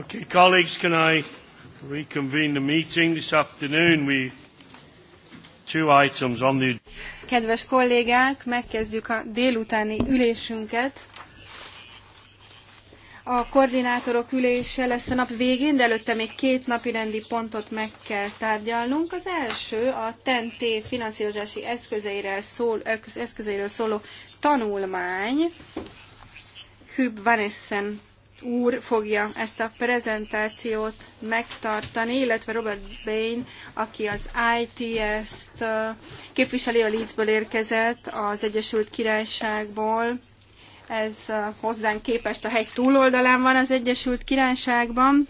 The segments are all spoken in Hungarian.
Okay, colleagues, can I reconvene the meeting this afternoon? We two items on the. Kedves kollégák, megkezdjük a délutáni ülésünket. A koordinátorok ülése lesz a nap végén, de előtte még két napi rendi pontot meg kell tárgyalnunk. Az első a TNT finanszírozási eszközeiről, szól, eszközeiről szóló tanulmány. Hüb Vanessen úr fogja ezt a prezentációt megtartani, illetve Robert Bain, aki az ITS-t képviseli a Leedsből érkezett, az Egyesült Királyságból. Ez hozzánk képest a hegy túloldalán van az Egyesült Királyságban.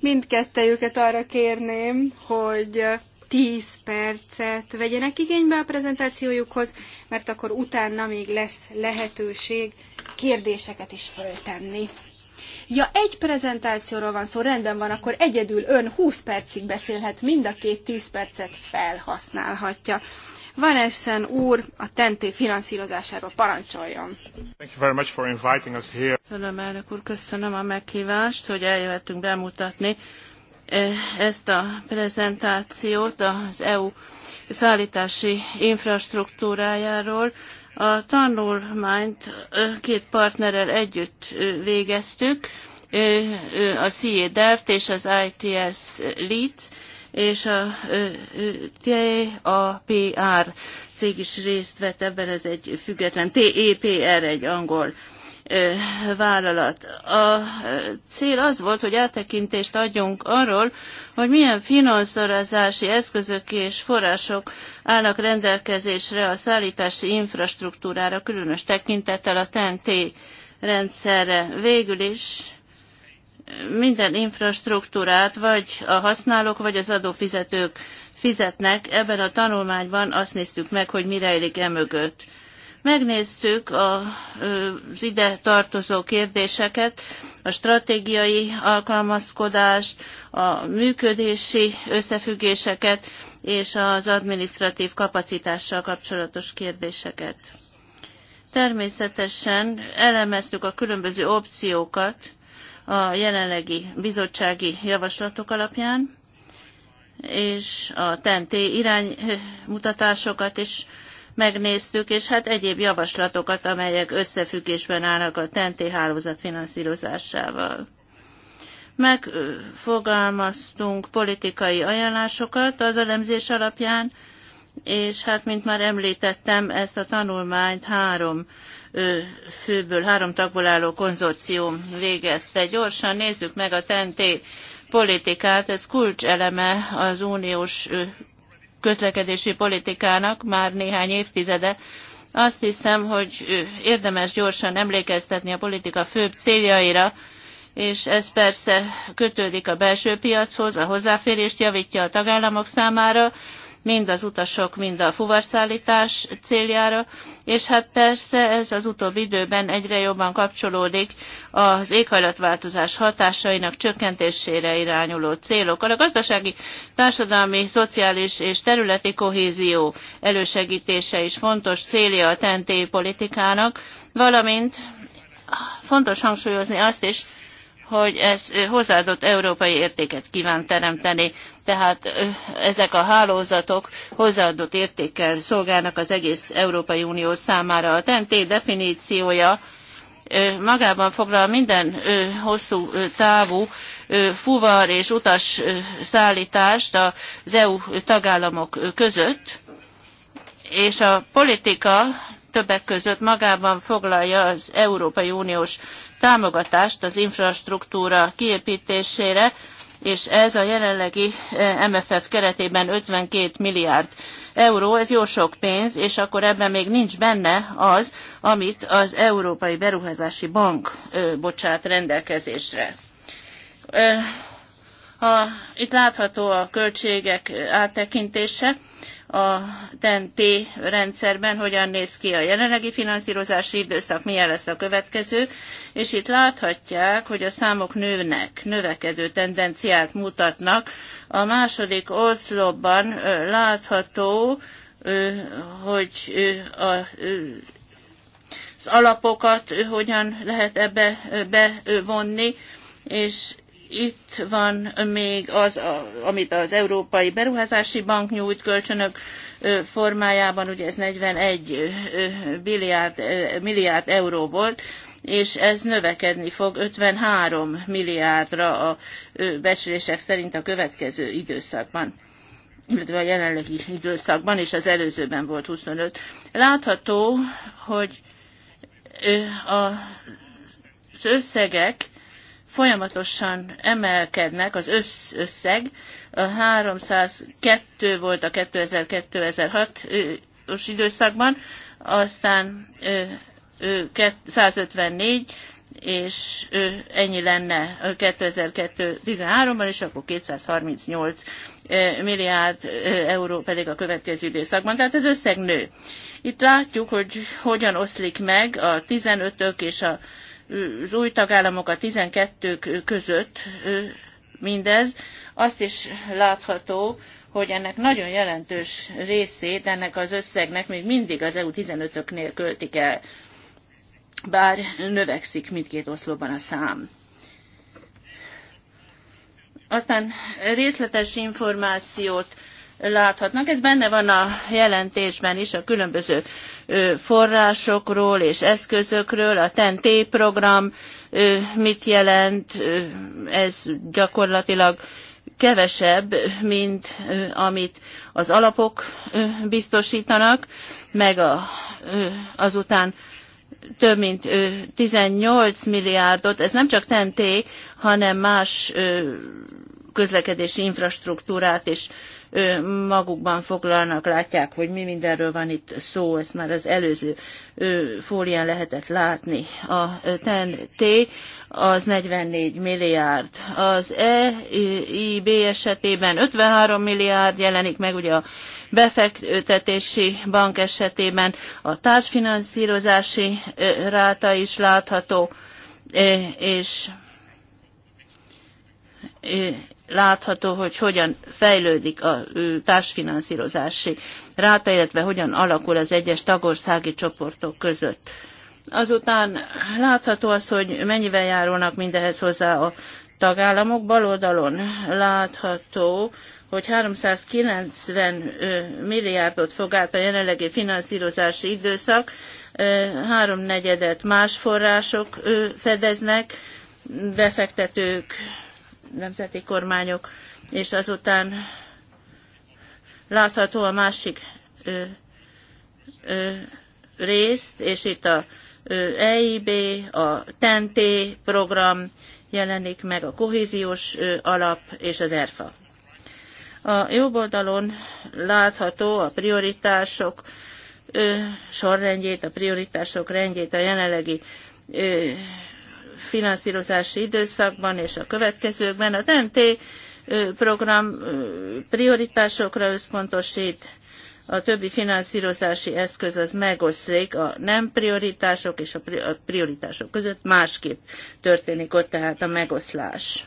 Mindkettejüket arra kérném, hogy 10 percet vegyenek igénybe a prezentációjukhoz, mert akkor utána még lesz lehetőség kérdéseket is föltenni. Ja, egy prezentációról van szó, rendben van, akkor egyedül ön 20 percig beszélhet, mind a két 10 percet felhasználhatja. Van Essen úr a tenté finanszírozásáról parancsoljon. Thank you very much for inviting us here. Köszönöm, elnök úr, köszönöm a meghívást, hogy eljöhetünk bemutatni E, ezt a prezentációt az EU szállítási infrastruktúrájáról. A tanulmányt e, két partnerrel együtt e, végeztük, a CIE DERT és az ITS Leeds, és a TAPR cég is részt vett ebben, ez egy független, TEPR egy angol vállalat. A cél az volt, hogy eltekintést adjunk arról, hogy milyen finanszírozási eszközök és források állnak rendelkezésre a szállítási infrastruktúrára, különös tekintettel a TNT rendszerre. Végül is minden infrastruktúrát vagy a használók, vagy az adófizetők fizetnek. Ebben a tanulmányban azt néztük meg, hogy mire élik e mögött. Megnéztük az ide tartozó kérdéseket, a stratégiai alkalmazkodást, a működési összefüggéseket és az administratív kapacitással kapcsolatos kérdéseket. Természetesen elemeztük a különböző opciókat a jelenlegi bizottsági javaslatok alapján, és a TNT iránymutatásokat is megnéztük, és hát egyéb javaslatokat, amelyek összefüggésben állnak a TNT hálózat finanszírozásával. Megfogalmaztunk politikai ajánlásokat az elemzés alapján, és hát, mint már említettem, ezt a tanulmányt három főből, három tagból álló konzorcium végezte. Gyorsan nézzük meg a TNT politikát, ez kulcseleme az uniós közlekedési politikának már néhány évtizede. Azt hiszem, hogy érdemes gyorsan emlékeztetni a politika főbb céljaira, és ez persze kötődik a belső piachoz, a hozzáférést javítja a tagállamok számára, mind az utasok, mind a fuvarszállítás céljára, és hát persze ez az utóbbi időben egyre jobban kapcsolódik az éghajlatváltozás hatásainak csökkentésére irányuló célokkal. A gazdasági, társadalmi, szociális és területi kohézió elősegítése is fontos célja a TNT politikának, valamint fontos hangsúlyozni azt is, hogy ez hozzáadott európai értéket kíván teremteni. Tehát ezek a hálózatok hozzáadott értékkel szolgálnak az egész Európai Unió számára. A TNT definíciója magában foglal minden hosszú távú fuvar és utas szállítást az EU tagállamok között, és a politika többek között magában foglalja az Európai Uniós támogatást az infrastruktúra kiépítésére, és ez a jelenlegi eh, MFF keretében 52 milliárd euró, ez jó sok pénz, és akkor ebben még nincs benne az, amit az Európai Beruházási Bank eh, bocsát rendelkezésre. Eh, itt látható a költségek áttekintése a TNT rendszerben hogyan néz ki a jelenlegi finanszírozási időszak, milyen lesz a következő, és itt láthatják, hogy a számok nőnek, növekedő tendenciát mutatnak. A második oszlopban látható, hogy a az alapokat hogyan lehet ebbe bevonni, és itt van még az, amit az Európai Beruházási Bank nyújt kölcsönök formájában, ugye ez 41 milliárd, milliárd euró volt, és ez növekedni fog 53 milliárdra a becslések szerint a következő időszakban illetve a jelenlegi időszakban, és az előzőben volt 25. Látható, hogy a, az összegek folyamatosan emelkednek az összeg. A 302 volt a 2002 2006 os időszakban, aztán 154, és ennyi lenne 13 ban és akkor 238 milliárd euró pedig a következő időszakban. Tehát az összeg nő. Itt látjuk, hogy hogyan oszlik meg a 15-ök és a az új tagállamok a 12 között mindez, azt is látható, hogy ennek nagyon jelentős részét, ennek az összegnek még mindig az EU 15-öknél költik el, bár növekszik mindkét oszlopban a szám. Aztán részletes információt láthatnak. Ez benne van a jelentésben is a különböző forrásokról és eszközökről, a TEN-T program mit jelent, ez gyakorlatilag kevesebb, mint amit az alapok biztosítanak, meg a, azután több mint 18 milliárdot, ez nem csak TNT, hanem más közlekedési infrastruktúrát is magukban foglalnak, látják, hogy mi mindenről van itt szó, ezt már az előző fólián lehetett látni. A TNT az 44 milliárd, az EIB esetében 53 milliárd jelenik meg, ugye a befektetési bank esetében a társfinanszírozási ráta is látható, és látható, hogy hogyan fejlődik a társfinanszírozási ráta, illetve hogyan alakul az egyes tagországi csoportok között. Azután látható az, hogy mennyivel járulnak mindehez hozzá a tagállamok. Bal oldalon látható, hogy 390 milliárdot fog át a jelenlegi finanszírozási időszak, háromnegyedet más források fedeznek, befektetők nemzeti kormányok, és azután látható a másik ö, ö, részt, és itt a ö, EIB, a TNT e program jelenik meg, a kohéziós ö, alap és az ERFA. A jobb oldalon látható a prioritások ö, sorrendjét, a prioritások rendjét a jelenlegi ö, finanszírozási időszakban és a következőkben. A TNT program prioritásokra összpontosít, a többi finanszírozási eszköz az megoszlik a nem prioritások és a prioritások között másképp történik ott tehát a megoszlás.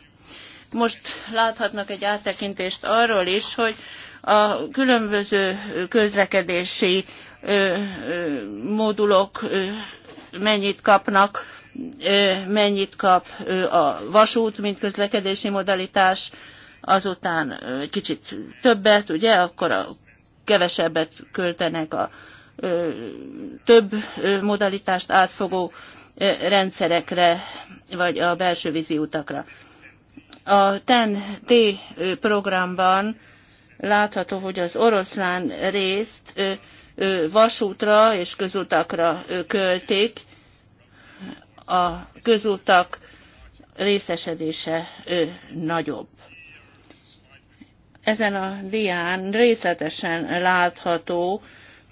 Most láthatnak egy áttekintést arról is, hogy a különböző közlekedési modulok mennyit kapnak mennyit kap a vasút, mint közlekedési modalitás, azután egy kicsit többet, ugye, akkor a kevesebbet költenek a több modalitást átfogó rendszerekre, vagy a belső vízi utakra. A TEN-T programban látható, hogy az oroszlán részt vasútra és közutakra költik, a közutak részesedése ő nagyobb. Ezen a dián részletesen látható,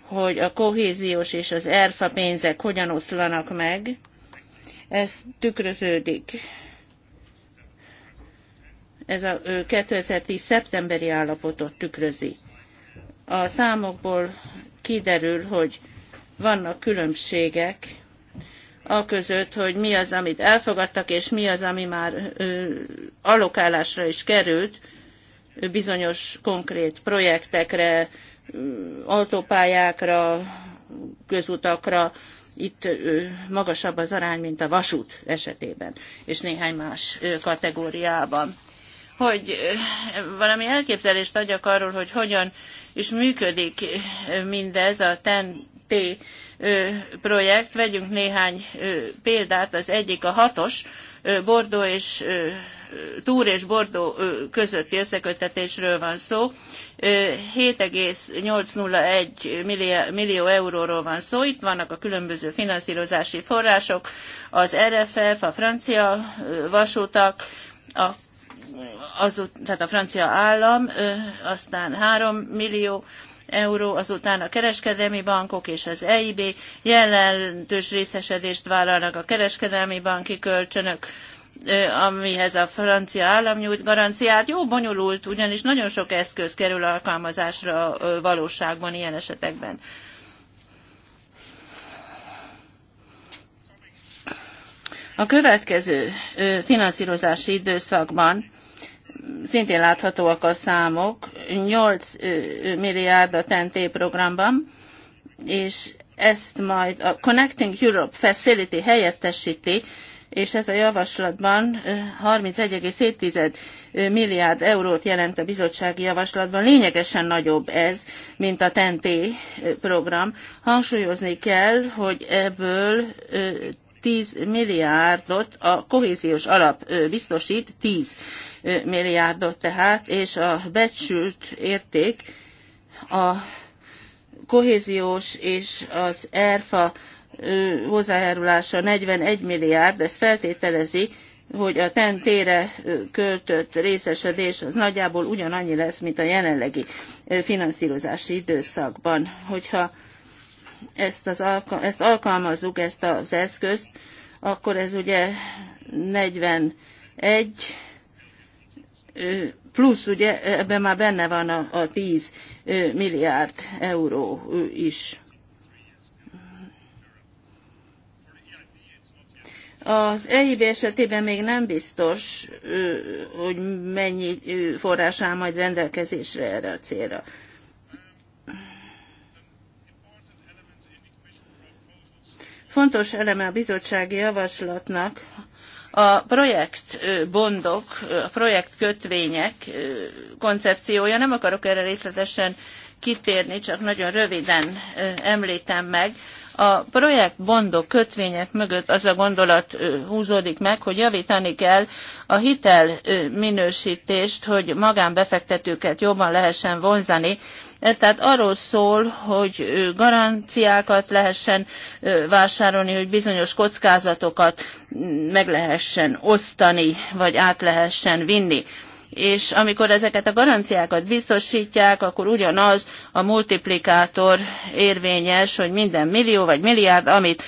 hogy a kohéziós és az ERFA pénzek hogyan oszlanak meg. Ez tükröződik. Ez a 2010. szeptemberi állapotot tükrözi. A számokból kiderül, hogy vannak különbségek a között, hogy mi az, amit elfogadtak, és mi az, ami már ö, alokálásra is került bizonyos konkrét projektekre, autópályákra, közutakra, itt magasabb az arány, mint a vasút esetében, és néhány más kategóriában. Hogy valami elképzelést adjak arról, hogy hogyan is működik mindez a TEN-T projekt. Vegyünk néhány példát, az egyik a hatos, Bordó és Túr és Bordó közötti összekötetésről van szó. 7,801 millió euróról van szó. Itt vannak a különböző finanszírozási források, az RFF, a francia vasutak, a azut, tehát a francia állam, aztán 3 millió euró, azután a kereskedelmi bankok és az EIB jelentős részesedést vállalnak a kereskedelmi banki kölcsönök amihez a francia állam nyújt garanciát. Jó bonyolult, ugyanis nagyon sok eszköz kerül alkalmazásra valóságban ilyen esetekben. A következő finanszírozási időszakban szintén láthatóak a számok, 8 milliárd a TNT programban, és ezt majd a Connecting Europe Facility helyettesíti, és ez a javaslatban 31,7 milliárd eurót jelent a bizottsági javaslatban. Lényegesen nagyobb ez, mint a TNT program. Hangsúlyozni kell, hogy ebből 10 milliárdot a kohéziós alap biztosít, 10 milliárdot tehát, és a becsült érték a kohéziós és az ERFA hozzájárulása 41 milliárd, ez feltételezi, hogy a tentére költött részesedés az nagyjából ugyanannyi lesz, mint a jelenlegi finanszírozási időszakban. Hogyha ezt, az alka- ezt alkalmazzuk, ezt az eszközt, akkor ez ugye 41 plusz ugye ebben már benne van a, a 10 milliárd euró is. Az EIB esetében még nem biztos, hogy mennyi forrás áll majd rendelkezésre erre a célra. Fontos eleme a bizottsági javaslatnak a projektbondok, a projektkötvények koncepciója. Nem akarok erre részletesen kitérni, csak nagyon röviden említem meg. A projekt bondok kötvények mögött az a gondolat húzódik meg, hogy javítani kell a hitel minősítést, hogy magánbefektetőket jobban lehessen vonzani ez tehát arról szól, hogy garanciákat lehessen vásárolni, hogy bizonyos kockázatokat meg lehessen osztani, vagy át lehessen vinni és amikor ezeket a garanciákat biztosítják, akkor ugyanaz a multiplikátor érvényes, hogy minden millió vagy milliárd, amit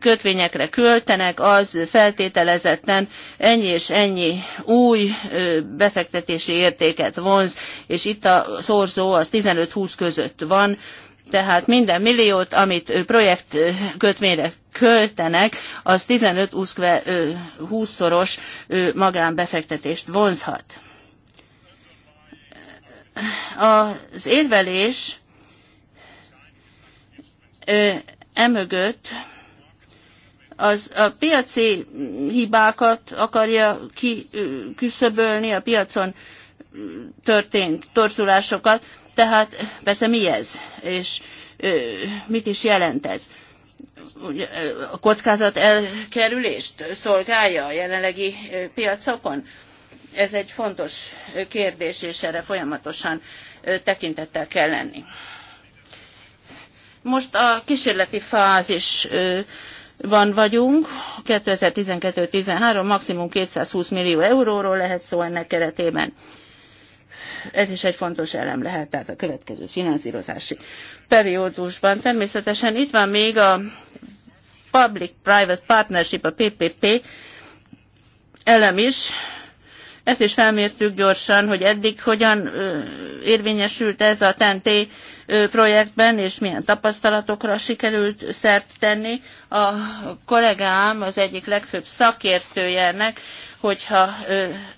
kötvényekre költenek, az feltételezetten ennyi és ennyi új befektetési értéket vonz, és itt a szorzó az 15-20 között van, tehát minden milliót, amit projektkötvényre költenek, az 15-20-szoros magánbefektetést vonzhat. Az érvelés emögött az a piaci hibákat akarja kiküszöbölni, a piacon történt torzulásokat, tehát persze mi ez, és mit is jelent ez? A kockázat elkerülést szolgálja a jelenlegi piacokon? Ez egy fontos kérdés, és erre folyamatosan tekintettel kell lenni. Most a kísérleti fázisban vagyunk, 2012-13 maximum 220 millió euróról lehet szó ennek keretében. Ez is egy fontos elem lehet, tehát a következő finanszírozási periódusban. Természetesen itt van még a Public-Private Partnership, a PPP elem is. Ezt is felmértük gyorsan, hogy eddig hogyan érvényesült ez a TNT projektben, és milyen tapasztalatokra sikerült szert tenni. A kollégám az egyik legfőbb szakértőjének hogyha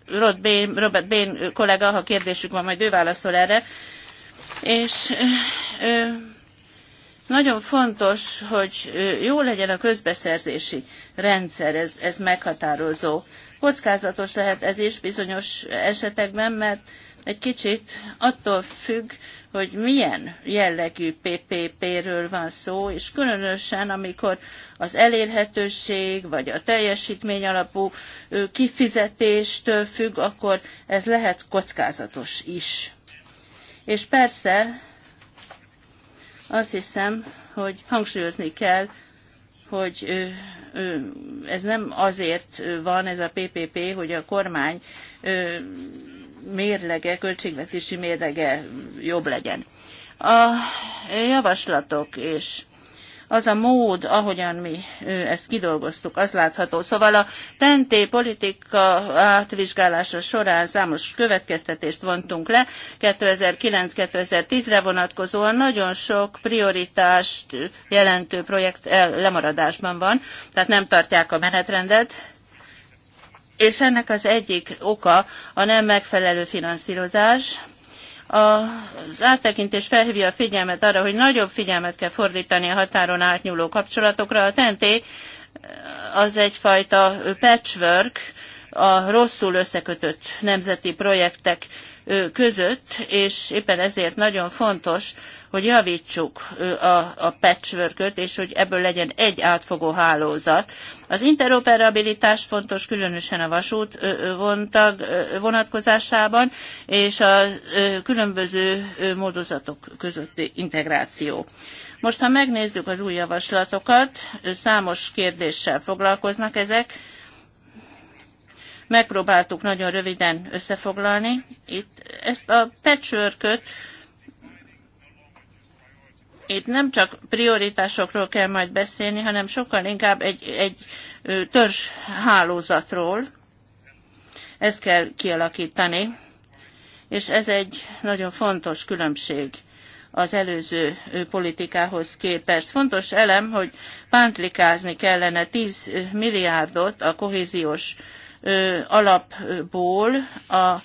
Robert Bain, Robert Bain kollega, ha kérdésük van, majd ő válaszol erre. És nagyon fontos, hogy jó legyen a közbeszerzési rendszer, ez, ez meghatározó. Kockázatos lehet ez is bizonyos esetekben, mert egy kicsit attól függ, hogy milyen jellegű PPP-ről van szó, és különösen amikor az elérhetőség vagy a teljesítmény alapú kifizetéstől függ, akkor ez lehet kockázatos is. És persze azt hiszem, hogy hangsúlyozni kell, hogy ez nem azért van ez a PPP, hogy a kormány mérlege, költségvetési mérlege jobb legyen. A javaslatok és az a mód, ahogyan mi ezt kidolgoztuk, az látható. Szóval a tenté politika átvizsgálása során számos következtetést vontunk le. 2009-2010-re vonatkozóan nagyon sok prioritást jelentő projekt el, lemaradásban van, tehát nem tartják a menetrendet, és ennek az egyik oka a nem megfelelő finanszírozás. Az áttekintés felhívja a figyelmet arra, hogy nagyobb figyelmet kell fordítani a határon átnyúló kapcsolatokra. A TNT az egyfajta patchwork, a rosszul összekötött nemzeti projektek között, és éppen ezért nagyon fontos, hogy javítsuk a, a patchworköt, és hogy ebből legyen egy átfogó hálózat. Az interoperabilitás fontos, különösen a vasút vontag vonatkozásában, és a különböző módozatok közötti integráció. Most, ha megnézzük az új javaslatokat, számos kérdéssel foglalkoznak ezek, megpróbáltuk nagyon röviden összefoglalni. Itt ezt a pecsőrköt itt nem csak prioritásokról kell majd beszélni, hanem sokkal inkább egy, egy törzs hálózatról. Ezt kell kialakítani, és ez egy nagyon fontos különbség az előző politikához képest. Fontos elem, hogy pántlikázni kellene 10 milliárdot a kohéziós alapból a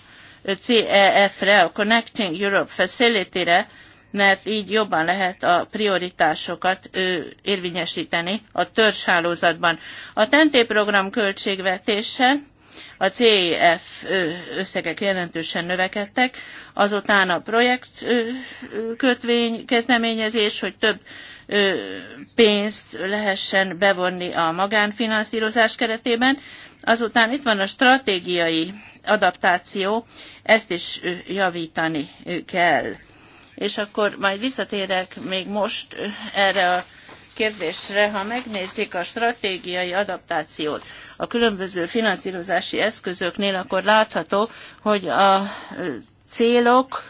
CEF-re, a Connecting Europe Facility-re, mert így jobban lehet a prioritásokat ö, érvényesíteni a törzshálózatban. A TENTÉ e program költségvetése a CEF összegek jelentősen növekedtek, azután a projekt kötvény kezdeményezés, hogy több pénzt lehessen bevonni a magánfinanszírozás keretében, Azután itt van a stratégiai adaptáció, ezt is javítani kell. És akkor majd visszatérek még most erre a kérdésre, ha megnézzük a stratégiai adaptációt a különböző finanszírozási eszközöknél, akkor látható, hogy a célok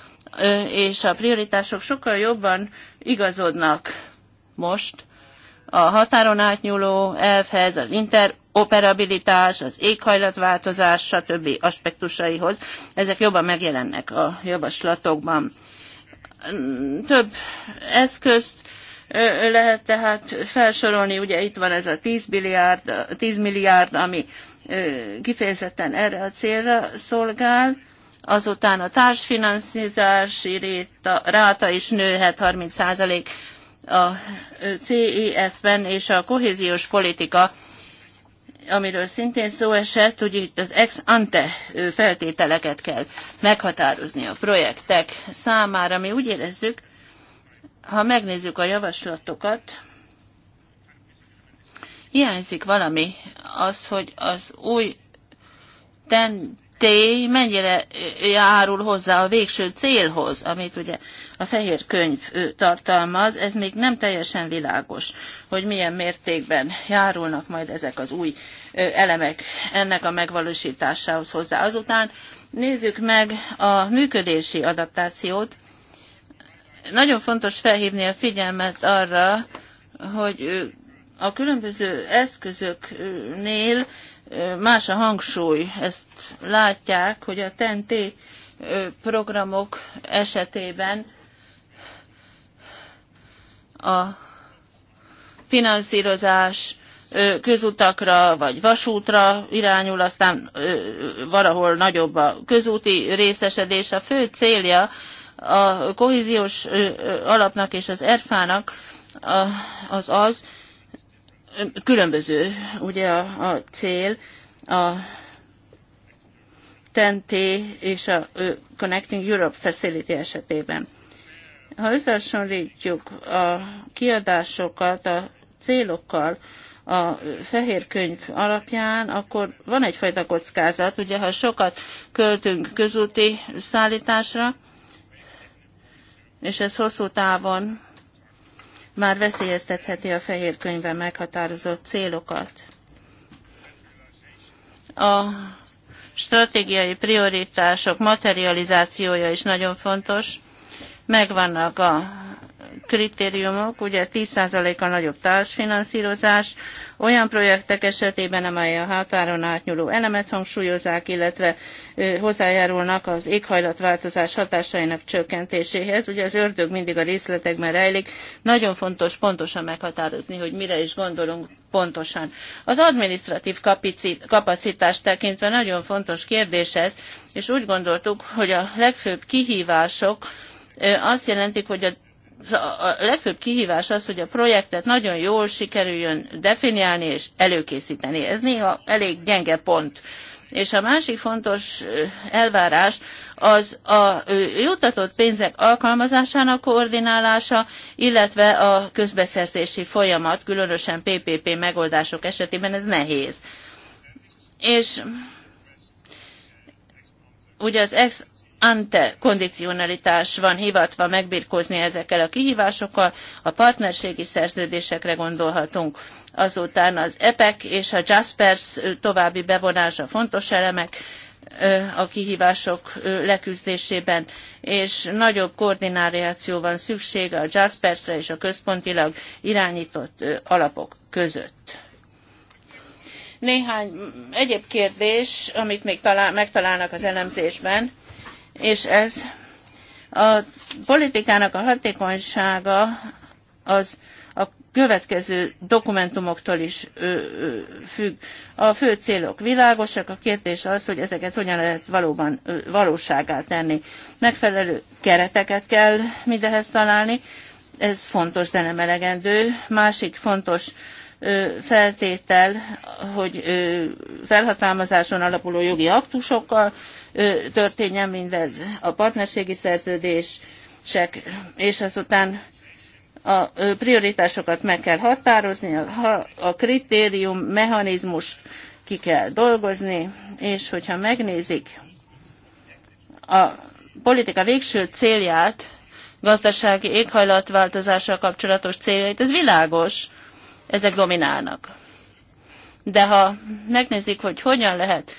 és a prioritások sokkal jobban igazodnak most a határon átnyúló elvhez, az inter operabilitás, az éghajlatváltozás, stb. aspektusaihoz. Ezek jobban megjelennek a javaslatokban. Több eszközt lehet tehát felsorolni, ugye itt van ez a 10 milliárd, 10 milliárd ami kifejezetten erre a célra szolgál, azután a társfinanszírozási réta, ráta is nőhet 30% a CEF-ben, és a kohéziós politika amiről szintén szó esett, hogy itt az ex ante feltételeket kell meghatározni a projektek számára. Mi úgy érezzük, ha megnézzük a javaslatokat, hiányzik valami az, hogy az új ten tény mennyire járul hozzá a végső célhoz, amit ugye a fehér könyv tartalmaz, ez még nem teljesen világos, hogy milyen mértékben járulnak majd ezek az új elemek ennek a megvalósításához hozzá. Azután nézzük meg a működési adaptációt. Nagyon fontos felhívni a figyelmet arra, hogy a különböző eszközöknél más a hangsúly, ezt látják, hogy a TNT programok esetében a finanszírozás közutakra vagy vasútra irányul, aztán valahol nagyobb a közúti részesedés. A fő célja a kohéziós alapnak és az erfának az az, különböző ugye a, a cél, a TNT és a Connecting Europe Facility esetében. Ha összehasonlítjuk a kiadásokat a célokkal a fehér könyv alapján, akkor van egyfajta kockázat, ugye ha sokat költünk közúti szállításra, és ez hosszú távon már veszélyeztetheti a fehér könyvben meghatározott célokat. A stratégiai prioritások materializációja is nagyon fontos. Megvannak a kritériumok, ugye 10%-a nagyobb társfinanszírozás, olyan projektek esetében, amely a határon átnyúló elemet hangsúlyozák, illetve hozzájárulnak az éghajlatváltozás hatásainak csökkentéséhez. Ugye az ördög mindig a részletekben rejlik, nagyon fontos pontosan meghatározni, hogy mire is gondolunk pontosan. Az administratív kapacitást tekintve nagyon fontos kérdés ez, és úgy gondoltuk, hogy a legfőbb kihívások azt jelentik, hogy a a legfőbb kihívás az, hogy a projektet nagyon jól sikerüljön definiálni és előkészíteni. Ez néha elég gyenge pont. És a másik fontos elvárás az a jutatott pénzek alkalmazásának koordinálása, illetve a közbeszerzési folyamat, különösen PPP megoldások esetében ez nehéz. És ugye az ex ante kondicionalitás van hivatva megbirkózni ezekkel a kihívásokkal, a partnerségi szerződésekre gondolhatunk. Azután az EPEC és a Jaspers további bevonása fontos elemek, a kihívások leküzdésében, és nagyobb koordináció van szüksége a Jaspersre és a központilag irányított alapok között. Néhány egyéb kérdés, amit még talál, megtalálnak az elemzésben, és ez a politikának a hatékonysága az a következő dokumentumoktól is ö, ö, függ. A fő célok világosak, a kérdés az, hogy ezeket hogyan lehet valóban ö, valóságá tenni. Megfelelő kereteket kell mindehhez találni, ez fontos, de nem elegendő. Másik fontos feltétel, hogy felhatalmazáson alapuló jogi aktusokkal történjen mindez. A partnerségi szerződések, és azután a prioritásokat meg kell határozni, a kritérium, mechanizmus ki kell dolgozni, és hogyha megnézik a politika végső célját, gazdasági éghajlatváltozással kapcsolatos céljait, ez világos, ezek dominálnak. De ha megnézik, hogy hogyan lehet,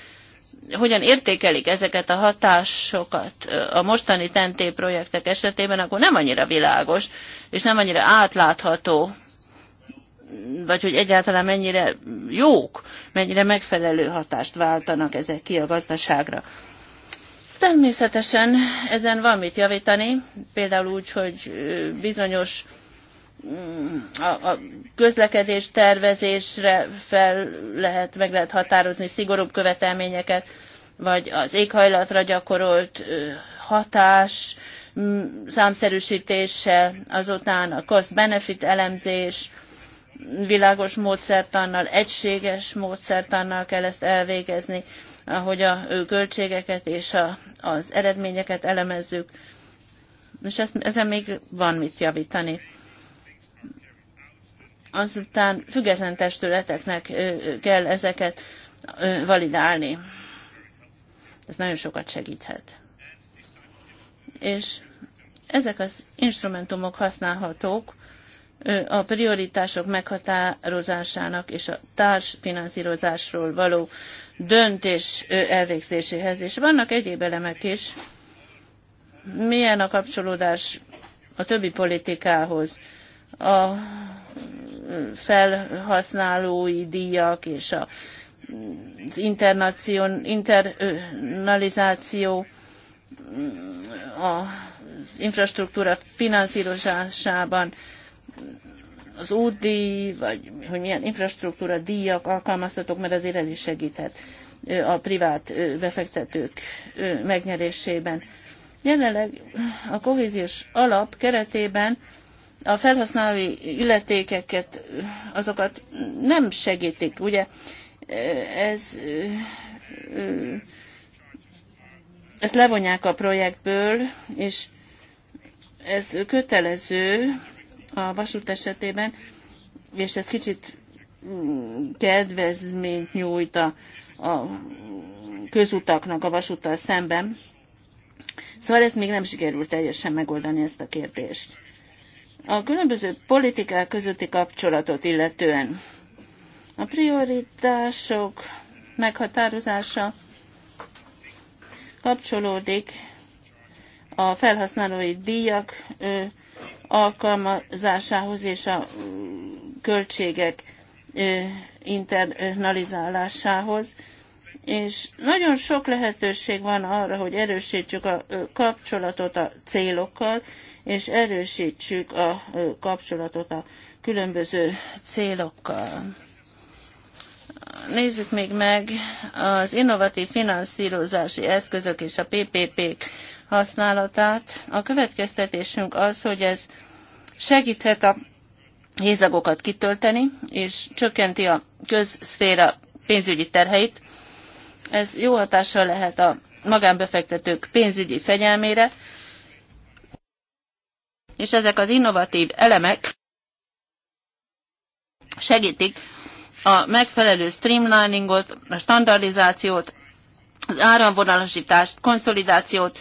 hogyan értékelik ezeket a hatásokat a mostani TNT projektek esetében, akkor nem annyira világos, és nem annyira átlátható, vagy hogy egyáltalán mennyire jók, mennyire megfelelő hatást váltanak ezek ki a gazdaságra. Természetesen ezen van mit javítani, például úgy, hogy bizonyos Mm, a, a közlekedés tervezésre fel lehet, meg lehet határozni szigorúbb követelményeket, vagy az éghajlatra gyakorolt hatás mm, számszerűsítéssel, azután a cost-benefit elemzés, világos módszertannal, egységes módszertannal kell ezt elvégezni, ahogy a költségeket és a, az eredményeket elemezzük. És ezt, ezen még van mit javítani azután független testületeknek kell ezeket validálni. Ez nagyon sokat segíthet. És ezek az instrumentumok használhatók a prioritások meghatározásának és a társfinanszírozásról való döntés elvégzéséhez. És vannak egyéb elemek is. Milyen a kapcsolódás a többi politikához? A felhasználói díjak és a, az internalizáció az infrastruktúra finanszírozásában az útdíj, vagy hogy milyen infrastruktúra díjak alkalmazhatok, mert azért ez is segíthet a privát befektetők megnyerésében. Jelenleg a kohéziós alap keretében a felhasználói illetékeket, azokat nem segítik, ugye? Ez ezt levonják a projektből, és ez kötelező a vasút esetében, és ez kicsit kedvezményt nyújt a, a közutaknak a vasúttal szemben. Szóval ezt még nem sikerült teljesen megoldani ezt a kérdést. A különböző politikák közötti kapcsolatot illetően a prioritások meghatározása kapcsolódik a felhasználói díjak alkalmazásához és a költségek internalizálásához és nagyon sok lehetőség van arra, hogy erősítsük a kapcsolatot a célokkal, és erősítsük a kapcsolatot a különböző célokkal. Nézzük még meg az innovatív finanszírozási eszközök és a PPP-k használatát. A következtetésünk az, hogy ez segíthet a hézagokat kitölteni, és csökkenti a közszféra pénzügyi terheit, ez jó hatással lehet a magánbefektetők pénzügyi fegyelmére, és ezek az innovatív elemek segítik a megfelelő streamliningot, a standardizációt, az áramvonalasítást, konszolidációt,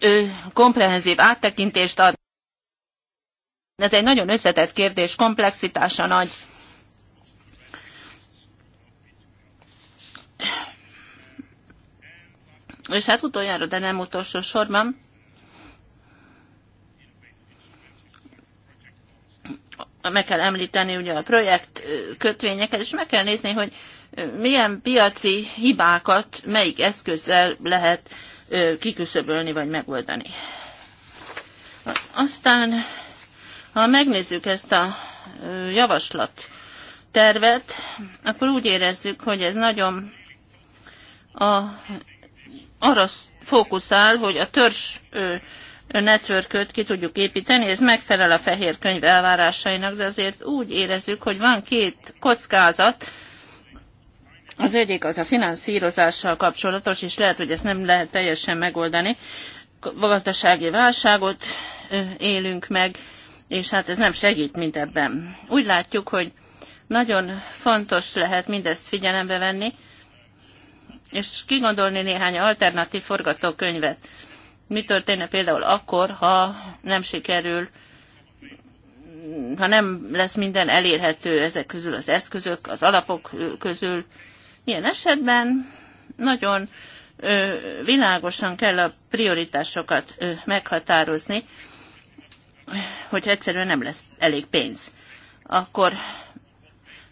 ő komprehenzív áttekintést ad. Ez egy nagyon összetett kérdés, komplexitása nagy. És hát utoljára, de nem utolsó sorban, meg kell említeni ugye a projekt kötvényeket, és meg kell nézni, hogy milyen piaci hibákat melyik eszközzel lehet kiküszöbölni vagy megoldani. Aztán, ha megnézzük ezt a javaslat tervet, akkor úgy érezzük, hogy ez nagyon a arra fókuszál, hogy a törzs networköt ki tudjuk építeni, ez megfelel a fehér könyv elvárásainak, de azért úgy érezzük, hogy van két kockázat, az egyik az a finanszírozással kapcsolatos, és lehet, hogy ezt nem lehet teljesen megoldani. Gazdasági válságot élünk meg, és hát ez nem segít mint ebben. Úgy látjuk, hogy nagyon fontos lehet mindezt figyelembe venni, és kigondolni néhány alternatív forgatókönyvet. Mi történne például akkor, ha nem sikerül, ha nem lesz minden elérhető ezek közül az eszközök, az alapok közül. Ilyen esetben nagyon világosan kell a prioritásokat meghatározni, hogy egyszerűen nem lesz elég pénz. Akkor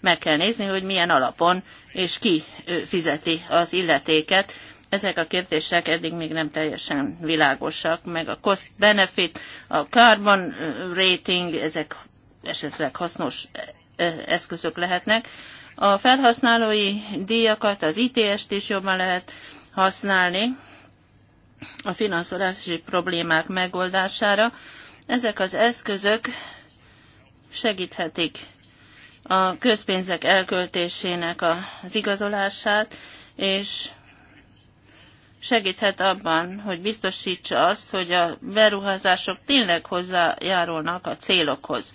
meg kell nézni, hogy milyen alapon és ki fizeti az illetéket. Ezek a kérdések eddig még nem teljesen világosak, meg a cost benefit, a carbon rating, ezek esetleg hasznos eszközök lehetnek. A felhasználói díjakat, az ITS-t is jobban lehet használni a finanszírozási problémák megoldására. Ezek az eszközök segíthetik a közpénzek elköltésének az igazolását, és segíthet abban, hogy biztosítsa azt, hogy a beruházások tényleg hozzájárulnak a célokhoz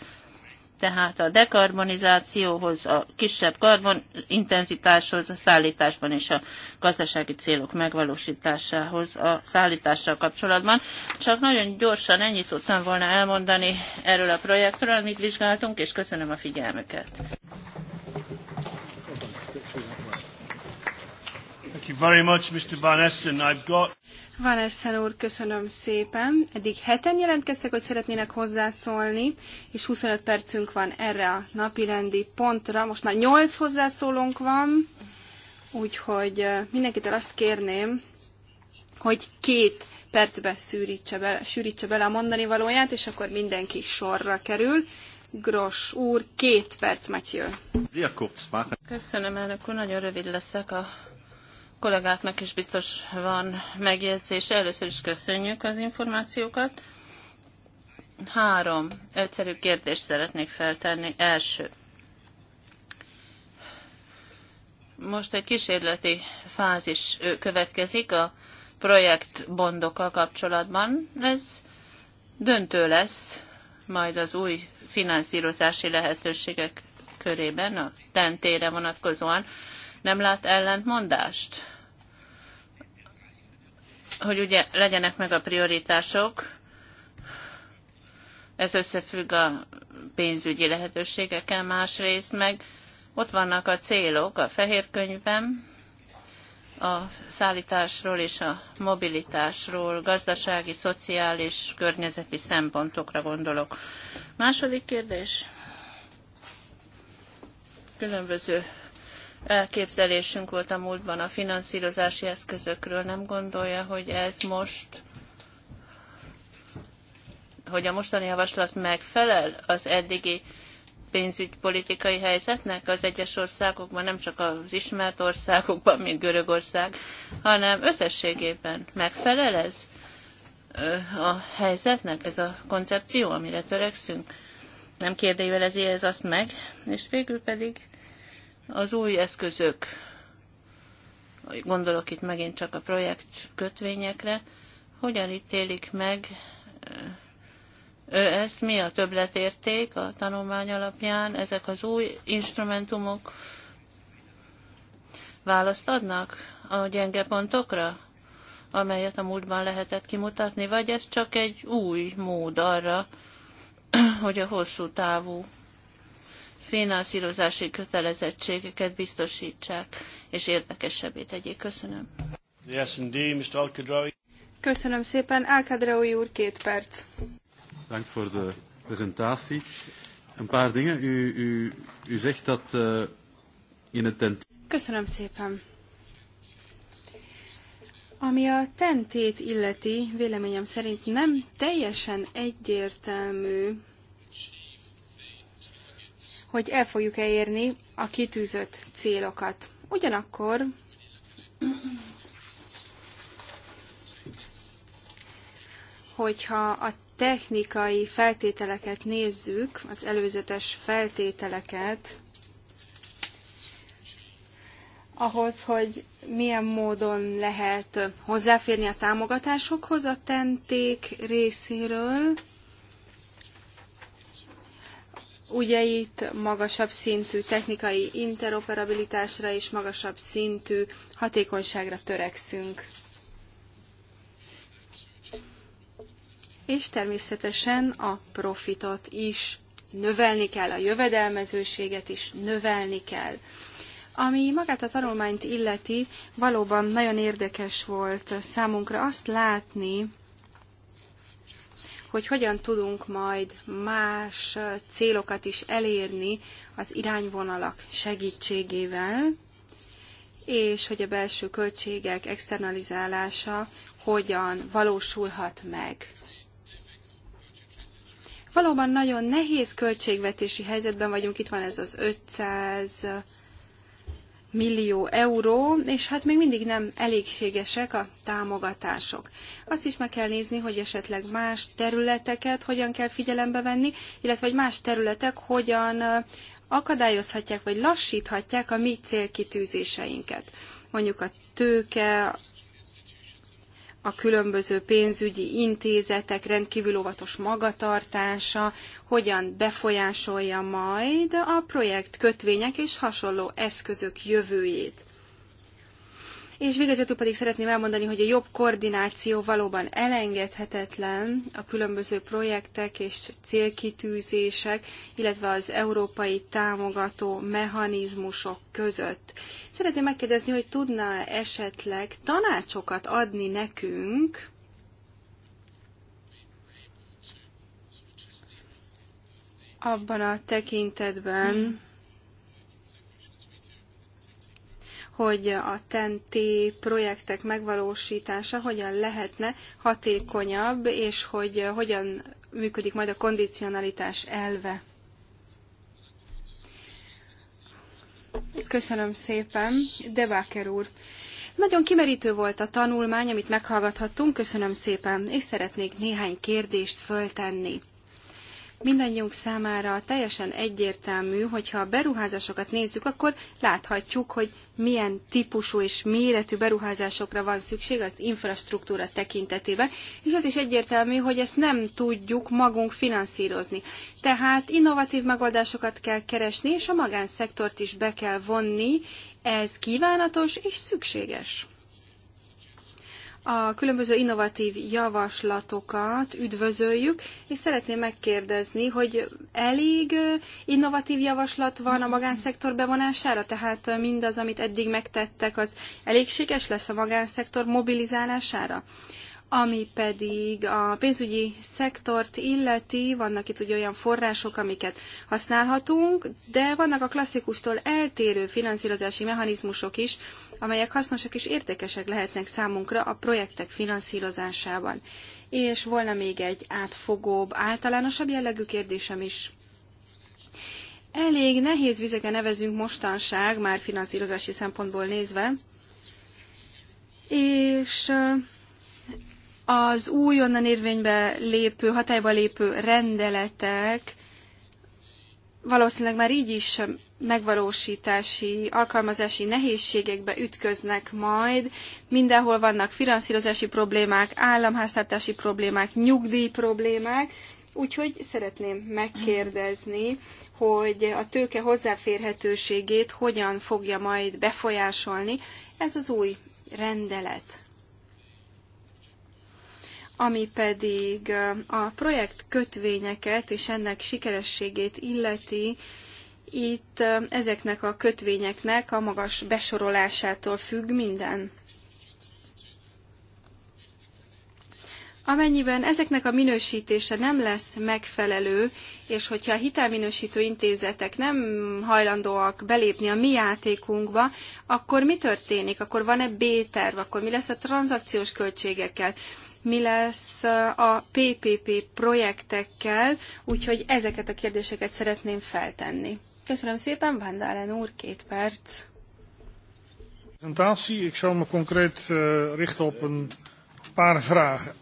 tehát a dekarbonizációhoz, a kisebb karbonintenzitáshoz, a szállításban és a gazdasági célok megvalósításához a szállítással kapcsolatban. Csak nagyon gyorsan ennyit tudtam volna elmondani erről a projektről, amit vizsgáltunk, és köszönöm a figyelmüket. you very much, Mr. Van Essen. I've got... Van Essen úr, köszönöm szépen. Eddig heten jelentkeztek, hogy szeretnének hozzászólni, és 25 percünk van erre a napirendi pontra. Most már 8 hozzászólónk van, úgyhogy mindenkitől azt kérném, hogy két percbe szűrítse bele, sűrítse bele a mondani valóját, és akkor mindenki sorra kerül. Gros úr, két perc, Matyő. Köszönöm, elnök úr, nagyon rövid leszek a kollégáknak is biztos van megjegyzése. Először is köszönjük az információkat. Három egyszerű kérdést szeretnék feltenni. Első. Most egy kísérleti fázis következik a projekt bondokkal kapcsolatban. Ez döntő lesz majd az új finanszírozási lehetőségek körében, a tentére vonatkozóan. Nem lát ellentmondást hogy ugye legyenek meg a prioritások, ez összefügg a pénzügyi lehetőségekkel, másrészt meg ott vannak a célok a fehér könyvben, a szállításról és a mobilitásról, gazdasági, szociális, környezeti szempontokra gondolok. Második kérdés. Különböző elképzelésünk volt a múltban a finanszírozási eszközökről. Nem gondolja, hogy ez most, hogy a mostani javaslat megfelel az eddigi pénzügypolitikai helyzetnek az egyes országokban, nem csak az ismert országokban, mint Görögország, hanem összességében megfelel ez a helyzetnek, ez a koncepció, amire törekszünk. Nem kérdőjelezi ez azt meg, és végül pedig az új eszközök, gondolok itt megint csak a projekt kötvényekre, hogyan ítélik meg ezt, mi a többletérték a tanulmány alapján, ezek az új instrumentumok választ adnak a gyenge pontokra, amelyet a múltban lehetett kimutatni, vagy ez csak egy új mód arra, hogy a hosszú távú finanszírozási kötelezettségeket biztosítsák és érdekesebbé tegyék. Köszönöm. Yes, indeed, Mr. Alkadrawi. Köszönöm szépen. Alkadrawi úr, két perc. Dank voor de presentatie. Een paar dingen. U, u, u zegt dat uh, in het tent... Köszönöm szépen. Ami a tentét illeti, véleményem szerint nem teljesen egyértelmű hogy el fogjuk elérni a kitűzött célokat. Ugyanakkor hogyha a technikai feltételeket nézzük, az előzetes feltételeket, ahhoz, hogy milyen módon lehet hozzáférni a támogatásokhoz a tenték részéről, Ugye itt magasabb szintű technikai interoperabilitásra és magasabb szintű hatékonyságra törekszünk. És természetesen a profitot is növelni kell, a jövedelmezőséget is növelni kell. Ami magát a tanulmányt illeti, valóban nagyon érdekes volt számunkra azt látni, hogy hogyan tudunk majd más célokat is elérni az irányvonalak segítségével, és hogy a belső költségek externalizálása hogyan valósulhat meg. Valóban nagyon nehéz költségvetési helyzetben vagyunk, itt van ez az 500 millió euró, és hát még mindig nem elégségesek a támogatások. Azt is meg kell nézni, hogy esetleg más területeket hogyan kell figyelembe venni, illetve hogy más területek hogyan akadályozhatják vagy lassíthatják a mi célkitűzéseinket. Mondjuk a tőke, a különböző pénzügyi intézetek rendkívül óvatos magatartása hogyan befolyásolja majd a projekt kötvények és hasonló eszközök jövőjét. És végezetül pedig szeretném elmondani, hogy a jobb koordináció valóban elengedhetetlen a különböző projektek és célkitűzések, illetve az európai támogató mechanizmusok között. Szeretném megkérdezni, hogy tudna esetleg tanácsokat adni nekünk, abban a tekintetben, hogy a TNT projektek megvalósítása hogyan lehetne hatékonyabb, és hogy hogyan működik majd a kondicionalitás elve. Köszönöm szépen, Debaker úr. Nagyon kimerítő volt a tanulmány, amit meghallgathattunk, köszönöm szépen, és szeretnék néhány kérdést föltenni. Mindannyiunk számára teljesen egyértelmű, hogyha a beruházásokat nézzük, akkor láthatjuk, hogy milyen típusú és méretű beruházásokra van szükség az infrastruktúra tekintetében, és az is egyértelmű, hogy ezt nem tudjuk magunk finanszírozni. Tehát innovatív megoldásokat kell keresni, és a magánszektort is be kell vonni, ez kívánatos és szükséges a különböző innovatív javaslatokat üdvözöljük, és szeretném megkérdezni, hogy elég innovatív javaslat van a magánszektor bevonására, tehát mindaz, amit eddig megtettek, az elégséges lesz a magánszektor mobilizálására? Ami pedig a pénzügyi szektort illeti, vannak itt ugye olyan források, amiket használhatunk, de vannak a klasszikustól eltérő finanszírozási mechanizmusok is, amelyek hasznosak és értékesek lehetnek számunkra a projektek finanszírozásában. És volna még egy átfogóbb, általánosabb jellegű kérdésem is. Elég nehéz vizeken nevezünk mostanság, már finanszírozási szempontból nézve, és az újonnan érvénybe lépő, hatályba lépő rendeletek valószínűleg már így is megvalósítási, alkalmazási nehézségekbe ütköznek majd. Mindenhol vannak finanszírozási problémák, államháztartási problémák, nyugdíj problémák, úgyhogy szeretném megkérdezni, hogy a tőke hozzáférhetőségét hogyan fogja majd befolyásolni ez az új rendelet. Ami pedig a projekt kötvényeket és ennek sikerességét illeti, itt ezeknek a kötvényeknek a magas besorolásától függ minden. Amennyiben ezeknek a minősítése nem lesz megfelelő, és hogyha a hitelminősítő intézetek nem hajlandóak belépni a mi játékunkba, akkor mi történik? Akkor van-e B-terv? Akkor mi lesz a tranzakciós költségekkel? mi lesz a PPP projektekkel, úgyhogy ezeket a kérdéseket szeretném feltenni. Köszönöm szépen, Vandalen úr, két perc. Presentatie. Ik zal me concreet eh, richten op een paar vragen.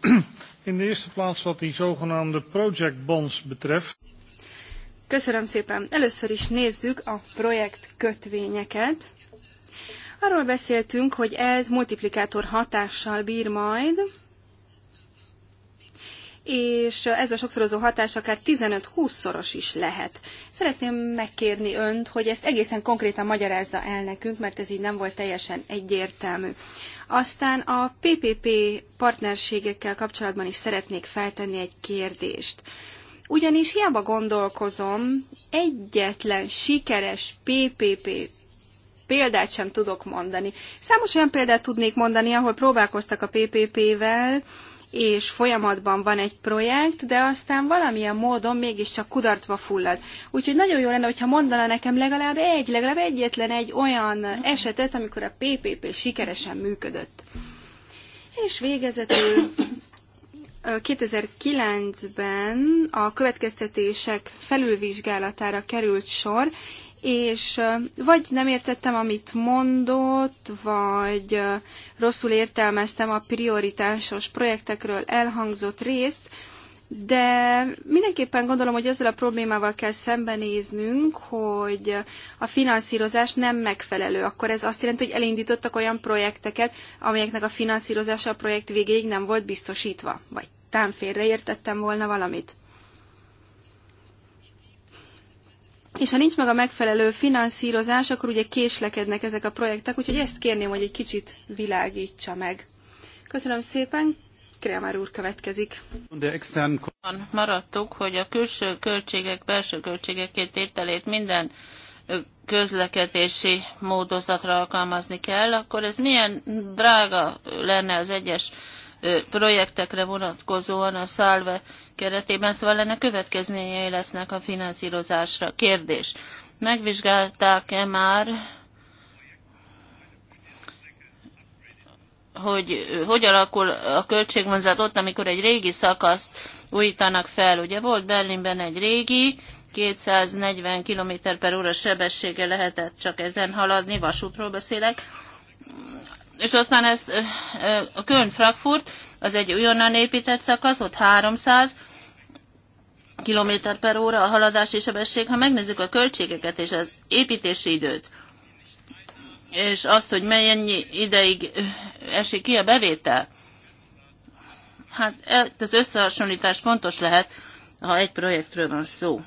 In de eerste plaats wat die zogenaamde project bonds betreft. Köszönöm szépen. Először is nézzük a projekt kötvényeket. Arról beszéltünk, hogy ez multiplikátor hatással bír majd, és ez a sokszorozó hatás akár 15-20 szoros is lehet. Szeretném megkérni önt, hogy ezt egészen konkrétan magyarázza el nekünk, mert ez így nem volt teljesen egyértelmű. Aztán a PPP partnerségekkel kapcsolatban is szeretnék feltenni egy kérdést. Ugyanis hiába gondolkozom, egyetlen sikeres PPP példát sem tudok mondani. Számos olyan példát tudnék mondani, ahol próbálkoztak a PPP-vel, és folyamatban van egy projekt, de aztán valamilyen módon mégiscsak kudarcba fullad. Úgyhogy nagyon jó lenne, hogyha mondana nekem legalább egy, legalább egyetlen egy olyan esetet, amikor a PPP sikeresen működött. És végezetül 2009-ben a következtetések felülvizsgálatára került sor, és vagy nem értettem, amit mondott, vagy rosszul értelmeztem a prioritásos projektekről elhangzott részt, de mindenképpen gondolom, hogy ezzel a problémával kell szembenéznünk, hogy a finanszírozás nem megfelelő. Akkor ez azt jelenti, hogy elindítottak olyan projekteket, amelyeknek a finanszírozása a projekt végéig nem volt biztosítva. Vagy tám félreértettem volna valamit. és ha nincs meg a megfelelő finanszírozás, akkor ugye késlekednek ezek a projektek, úgyhogy ezt kérném, hogy egy kicsit világítsa meg. Köszönöm szépen, Kreamár úr következik. Maradtuk, hogy a külső költségek, belső költségek két ételét minden közlekedési módozatra alkalmazni kell, akkor ez milyen drága lenne az egyes projektekre vonatkozóan a szálve keretében, szóval ennek következményei lesznek a finanszírozásra. Kérdés. Megvizsgálták-e már, hogy hogy alakul a költségvonzat ott, amikor egy régi szakaszt újítanak fel. Ugye volt Berlinben egy régi, 240 km per óra sebessége lehetett csak ezen haladni, vasútról beszélek és aztán ezt a Köln-Frankfurt, az egy újonnan épített szakasz, ott 300 km per óra a haladási sebesség. Ha megnézzük a költségeket és az építési időt, és azt, hogy mennyi ideig esik ki a bevétel, hát az e- összehasonlítás fontos lehet, ha egy projektről van szó.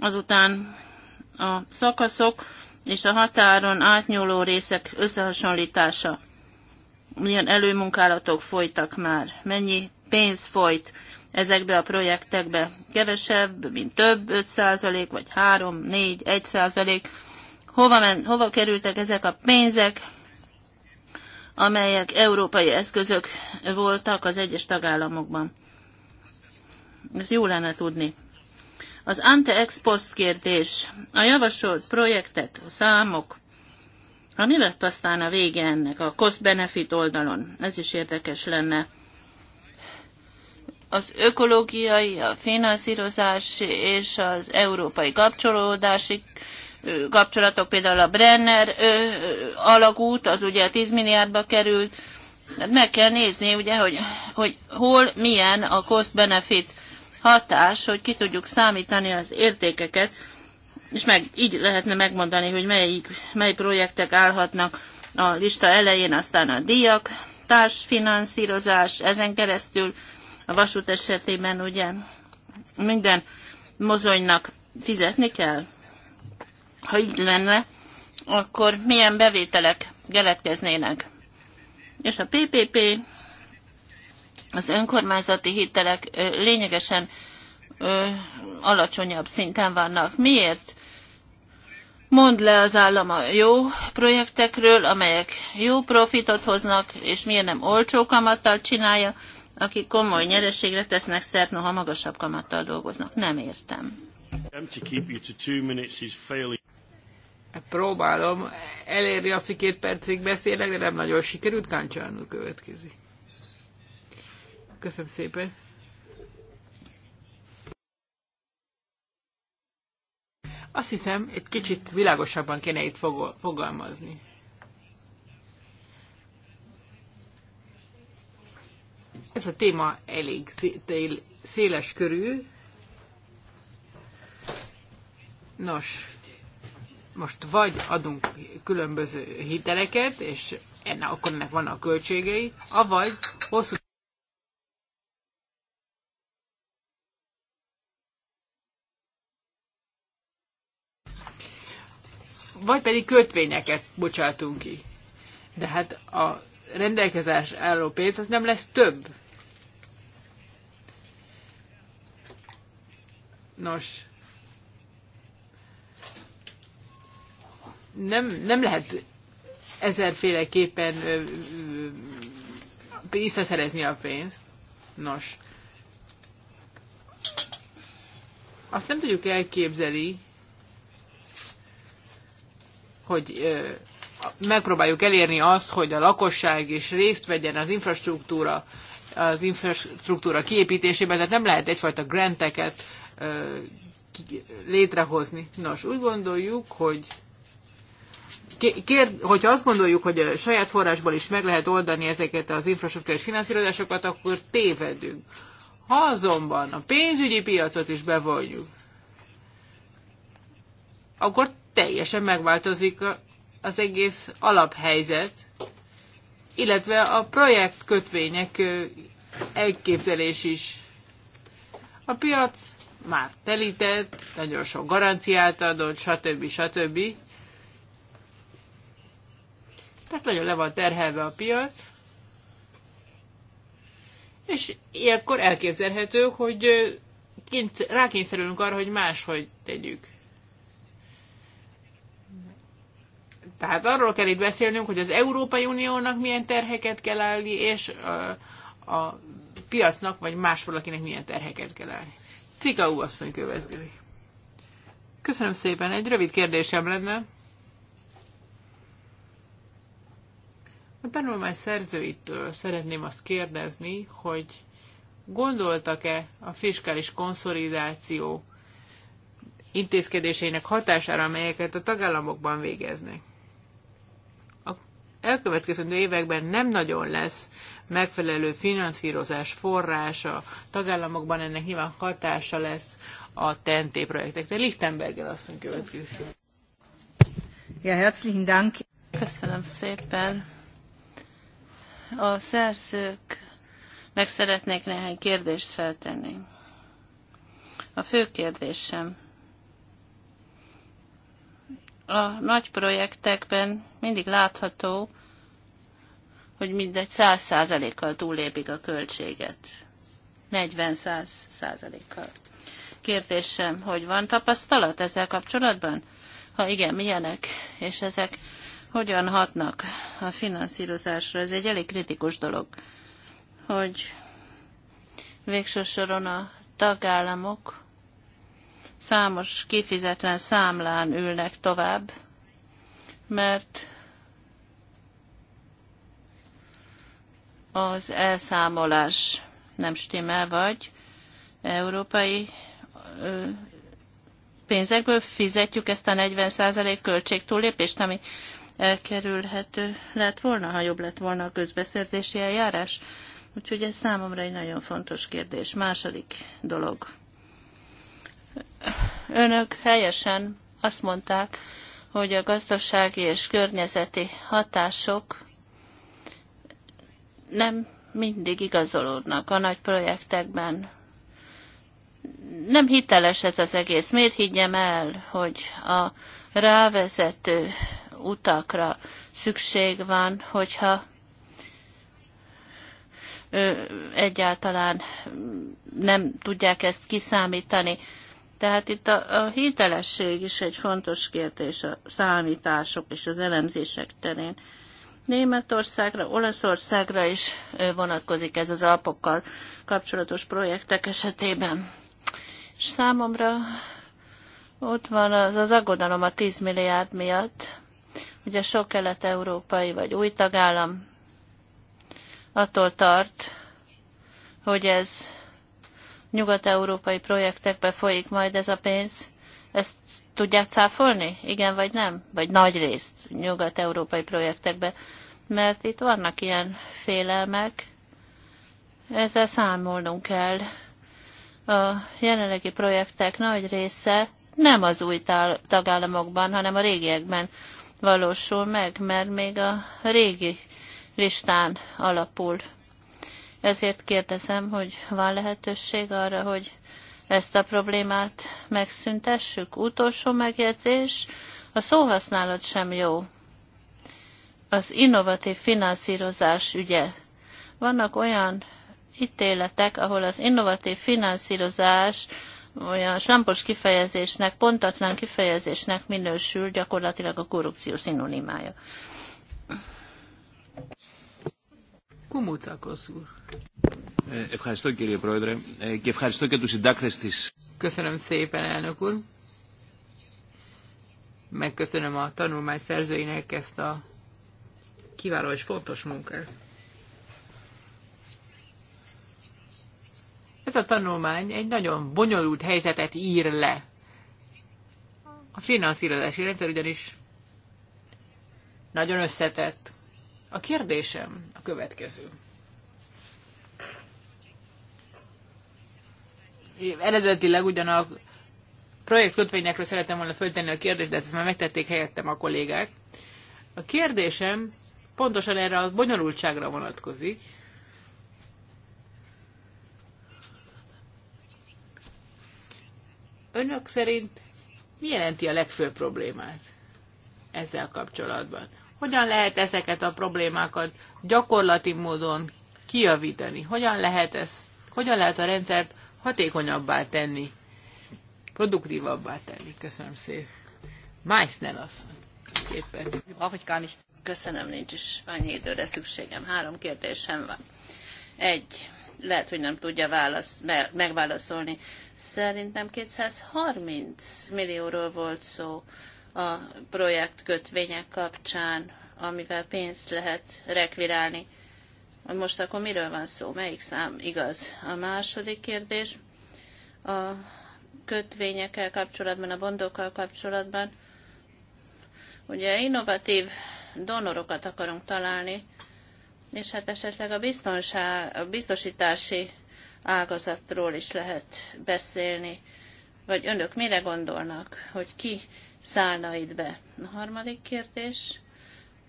Azután a szakaszok, és a határon átnyúló részek összehasonlítása. Milyen előmunkálatok folytak már? Mennyi pénz folyt ezekbe a projektekbe? Kevesebb, mint több, 5 vagy 3, 4, 1 százalék? Hova, men, hova kerültek ezek a pénzek, amelyek európai eszközök voltak az egyes tagállamokban? Ez jó lenne tudni. Az ante-ex post kérdés. A javasolt projektek, a számok, ha mi lett aztán a vége ennek a cost-benefit oldalon? Ez is érdekes lenne. Az ökológiai, a finanszírozás és az európai kapcsolódási kapcsolatok, például a Brenner alagút, az ugye 10 milliárdba került. Hát meg kell nézni, ugye, hogy, hogy hol milyen a cost-benefit hatás, hogy ki tudjuk számítani az értékeket, és meg, így lehetne megmondani, hogy melyik, mely projektek állhatnak a lista elején, aztán a díjak, társfinanszírozás, ezen keresztül a vasút esetében ugye minden mozonynak fizetni kell. Ha így lenne, akkor milyen bevételek keletkeznének. És a PPP az önkormányzati hitelek lényegesen alacsonyabb szinten vannak. Miért? Mondd le az állam a jó projektekről, amelyek jó profitot hoznak, és miért nem olcsó kamattal csinálja, akik komoly nyereségre tesznek szert, noha magasabb kamattal dolgoznak. Nem értem. Próbálom elérni azt, hogy két percig beszélek, de nem nagyon sikerült. Káncsánul következik. Köszönöm szépen. Azt hiszem, egy kicsit világosabban kéne itt fogalmazni. Ez a téma elég széles körül. Nos, most vagy adunk különböző hiteleket, és enne, akkor ennek vannak a költségei, avagy hosszú vagy pedig kötvényeket bocsátunk ki. De hát a rendelkezés álló pénz az nem lesz több. Nos, nem, nem lehet ezerféleképpen visszaszerezni a pénzt. Nos, azt nem tudjuk elképzelni, hogy megpróbáljuk elérni azt, hogy a lakosság is részt vegyen az infrastruktúra, az infrastruktúra kiépítésében, tehát nem lehet egyfajta granteket létrehozni. Nos, úgy gondoljuk, hogy Kér, hogyha azt gondoljuk, hogy a saját forrásból is meg lehet oldani ezeket az infrastruktúrás finanszírozásokat, akkor tévedünk. Ha azonban a pénzügyi piacot is bevonjuk, akkor teljesen megváltozik az egész alaphelyzet, illetve a projekt kötvények elképzelés is. A piac már telített, nagyon sok garanciát adott, stb. stb. Tehát nagyon le van terhelve a piac. És ilyenkor elképzelhető, hogy rákényszerülünk arra, hogy máshogy tegyük. Tehát arról kell itt beszélnünk, hogy az Európai Uniónak milyen terheket kell állni, és a, a piacnak, vagy más valakinek milyen terheket kell állni. Cikaú asszony következik. Köszönöm szépen. Egy rövid kérdésem lenne. A tanulmány szerzőitől szeretném azt kérdezni, hogy gondoltak-e a fiskális konszolidáció intézkedéseinek hatására, amelyeket a tagállamokban végeznek? elkövetkező években nem nagyon lesz megfelelő finanszírozás forrása, tagállamokban ennek nyilván hatása lesz a TNT projektekre. Lichtenberger asszony következik. Ja, herzlichen Dank. Köszönöm szépen. A szerzőknek szeretnék néhány kérdést feltenni. A fő kérdésem a nagy projektekben mindig látható, hogy mindegy 100 százalékkal túlépik a költséget. 40-100 százalékkal. Kérdésem, hogy van tapasztalat ezzel kapcsolatban? Ha igen, milyenek? És ezek hogyan hatnak a finanszírozásra? Ez egy elég kritikus dolog, hogy végső soron a tagállamok számos kifizetlen számlán ülnek tovább, mert az elszámolás nem stimmel, vagy európai ö, pénzekből fizetjük ezt a 40% költségtúlépést, ami elkerülhető lett volna, ha jobb lett volna a közbeszerzési eljárás. Úgyhogy ez számomra egy nagyon fontos kérdés. Második dolog. Önök helyesen azt mondták, hogy a gazdasági és környezeti hatások nem mindig igazolódnak a nagy projektekben. Nem hiteles ez az egész. Miért higgyem el, hogy a rávezető utakra szükség van, hogyha egyáltalán nem tudják ezt kiszámítani. Tehát itt a, a hitelesség is egy fontos kérdés a számítások és az elemzések terén. Németországra, Olaszországra is vonatkozik ez az alpokkal kapcsolatos projektek esetében. És számomra ott van az, az aggodalom a 10 milliárd miatt. Ugye sok kelet-európai vagy új tagállam attól tart, hogy ez nyugat-európai projektekbe folyik majd ez a pénz. Ezt tudják cáfolni? Igen vagy nem? Vagy nagy részt nyugat-európai projektekbe. Mert itt vannak ilyen félelmek, ezzel számolnunk kell. A jelenlegi projektek nagy része nem az új tagállamokban, hanem a régiekben valósul meg, mert még a régi listán alapul ezért kérdezem, hogy van lehetőség arra, hogy ezt a problémát megszüntessük. Utolsó megjegyzés, a szóhasználat sem jó. Az innovatív finanszírozás ügye. Vannak olyan ítéletek, ahol az innovatív finanszírozás olyan slampos kifejezésnek, pontatlan kifejezésnek minősül gyakorlatilag a korrupció szinonimája. úr. Ευχαριστώ κύριε Πρόεδρε και ευχαριστώ και τους συντάκτες της. Köszönöm szépen, elnök úr. Megköszönöm a tanulmány szerzőinek ezt a kiváló és fontos munkát. Ez a tanulmány egy nagyon bonyolult helyzetet ír le. A finanszírozási rendszer ugyanis nagyon összetett. A kérdésem a következő. Eredetileg ugyan a projektkötvényekről szeretem volna föltenni a kérdést, de ezt már megtették helyettem a kollégák. A kérdésem pontosan erre a bonyolultságra vonatkozik. Önök szerint mi jelenti a legfőbb problémát ezzel kapcsolatban? Hogyan lehet ezeket a problémákat gyakorlati módon kijavítani? Hogyan lehet ez, hogyan lehet a rendszert hatékonyabbá tenni, produktívabbá tenni? Köszönöm szépen. Meissner asszony. Két perc. Ahogy gar is. Köszönöm, nincs is annyi időre szükségem. Három kérdésem van. Egy, lehet, hogy nem tudja válasz, me, megválaszolni. Szerintem 230 millióról volt szó a projektkötvények kapcsán, amivel pénzt lehet rekvirálni. Most akkor miről van szó? Melyik szám igaz? A második kérdés a kötvényekkel kapcsolatban, a bondokkal kapcsolatban. Ugye innovatív donorokat akarunk találni, és hát esetleg a, biztonság, a biztosítási ágazatról is lehet beszélni. Vagy önök mire gondolnak, hogy ki itt be. A harmadik kérdés.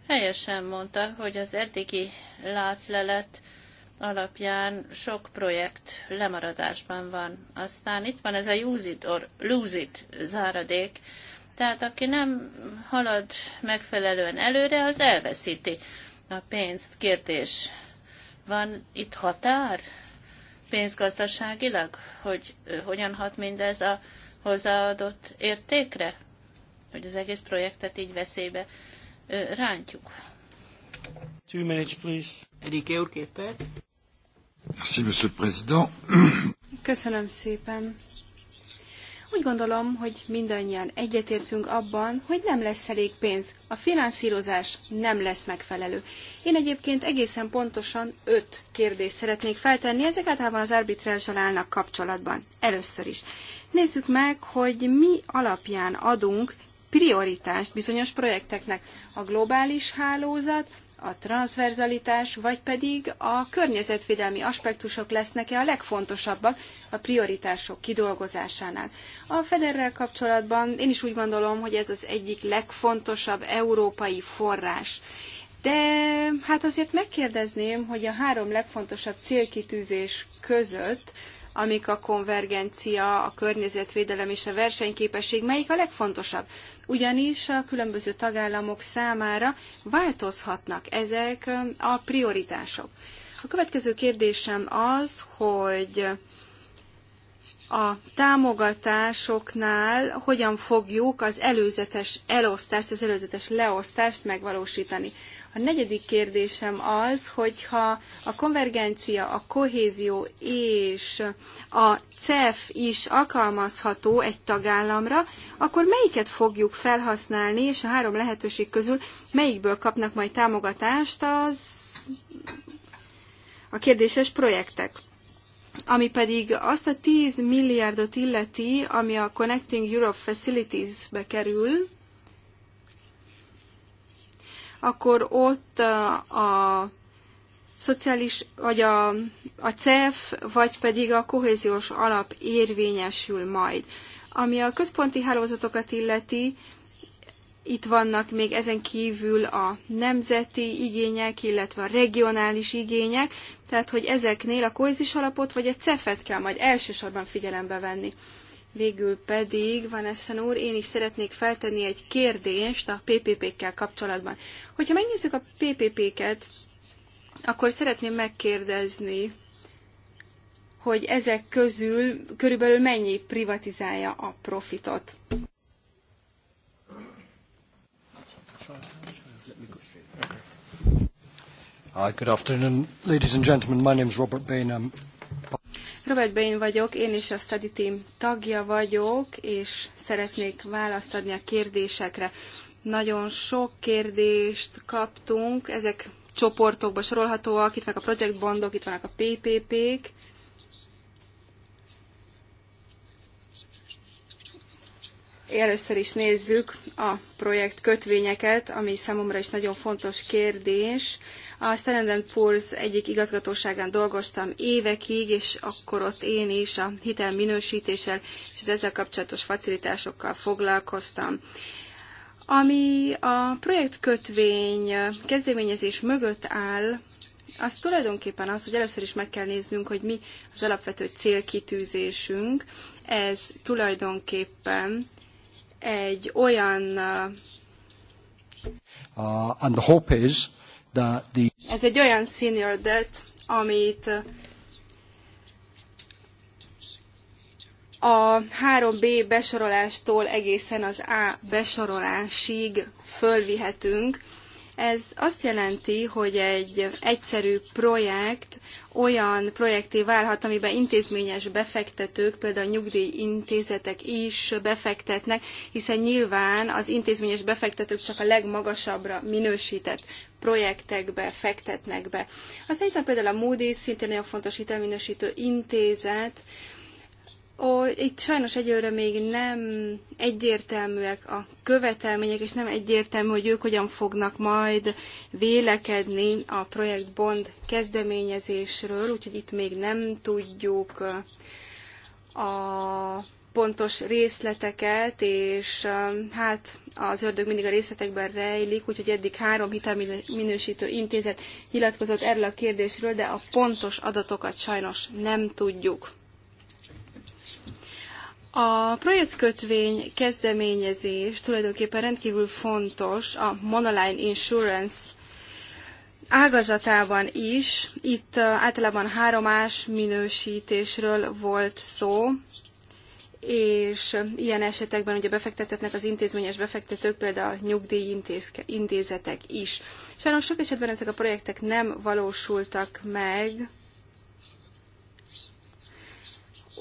Helyesen mondta, hogy az eddigi látlelet alapján sok projekt lemaradásban van. Aztán itt van ez a use it or lose it záradék. Tehát aki nem halad megfelelően előre, az elveszíti a pénzt. Kérdés, van itt határ pénzgazdaságilag, hogy hogyan hat mindez a hozzáadott értékre? hogy az egész projektet így veszélybe rántjuk. Two minutes, please. Erike úr, két perc. Merci, monsieur le président. Köszönöm szépen. Úgy gondolom, hogy mindannyian egyetértünk abban, hogy nem lesz elég pénz. A finanszírozás nem lesz megfelelő. Én egyébként egészen pontosan öt kérdést szeretnék feltenni, ezek általában az arbitrással állnak kapcsolatban. Először is. Nézzük meg, hogy mi alapján adunk prioritást bizonyos projekteknek. A globális hálózat, a transverzalitás, vagy pedig a környezetvédelmi aspektusok lesznek-e a legfontosabbak a prioritások kidolgozásánál. A Federrel kapcsolatban én is úgy gondolom, hogy ez az egyik legfontosabb európai forrás. De hát azért megkérdezném, hogy a három legfontosabb célkitűzés között amik a konvergencia, a környezetvédelem és a versenyképesség, melyik a legfontosabb. Ugyanis a különböző tagállamok számára változhatnak ezek a prioritások. A következő kérdésem az, hogy a támogatásoknál hogyan fogjuk az előzetes elosztást, az előzetes leosztást megvalósítani. A negyedik kérdésem az, hogyha a konvergencia, a kohézió és a CEF is alkalmazható egy tagállamra, akkor melyiket fogjuk felhasználni, és a három lehetőség közül melyikből kapnak majd támogatást az a kérdéses projektek? ami pedig azt a 10 milliárdot illeti, ami a Connecting Europe Facilities-be kerül, akkor ott a szociális, vagy a, a CEF, vagy pedig a kohéziós alap érvényesül majd. Ami a központi hálózatokat illeti, itt vannak még ezen kívül a nemzeti igények, illetve a regionális igények, tehát hogy ezeknél a kohézis alapot vagy a CEF-et kell majd elsősorban figyelembe venni. Végül pedig, Vanessen úr, én is szeretnék feltenni egy kérdést a PPP-kkel kapcsolatban. Hogyha megnézzük a PPP-ket, akkor szeretném megkérdezni, hogy ezek közül körülbelül mennyi privatizálja a profitot. Hi, good afternoon, ladies and gentlemen. My name is Robert Bain. I'm Robert Bain vagyok, én is a Study Team tagja vagyok, és szeretnék választ adni a kérdésekre. Nagyon sok kérdést kaptunk, ezek csoportokba sorolhatóak, itt meg a project bondok, itt vannak a PPP-k, Először is nézzük a projekt kötvényeket, ami számomra is nagyon fontos kérdés. A Standard Poor's egyik igazgatóságán dolgoztam évekig, és akkor ott én is a hitelminősítéssel és az ezzel kapcsolatos facilitásokkal foglalkoztam. Ami a projekt kötvény kezdeményezés mögött áll, az tulajdonképpen az, hogy először is meg kell néznünk, hogy mi az alapvető célkitűzésünk. Ez tulajdonképpen egy olyan uh, and the hope is that the... Ez egy olyan senior debt, amit a 3B besorolástól egészen az A besorolásig fölvihetünk. Ez azt jelenti, hogy egy egyszerű projekt olyan projekté válhat, amiben intézményes befektetők, például nyugdíjintézetek is befektetnek, hiszen nyilván az intézményes befektetők csak a legmagasabbra minősített projektekbe fektetnek be. Aztán itt van például a Moody's, szintén nagyon fontos hitelminősítő intézet, ó, itt sajnos egyőre még nem egyértelműek a követelmények, és nem egyértelmű, hogy ők hogyan fognak majd vélekedni a projekt Bond kezdeményezésről, úgyhogy itt még nem tudjuk uh, a pontos részleteket, és uh, hát az ördög mindig a részletekben rejlik, úgyhogy eddig három hitelminősítő intézet nyilatkozott erről a kérdésről, de a pontos adatokat sajnos nem tudjuk. A projektkötvény kezdeményezés tulajdonképpen rendkívül fontos a Monoline Insurance ágazatában is. Itt általában háromás minősítésről volt szó, és ilyen esetekben ugye befektetetnek az intézményes befektetők, például nyugdíjintézetek is. Sajnos sok esetben ezek a projektek nem valósultak meg,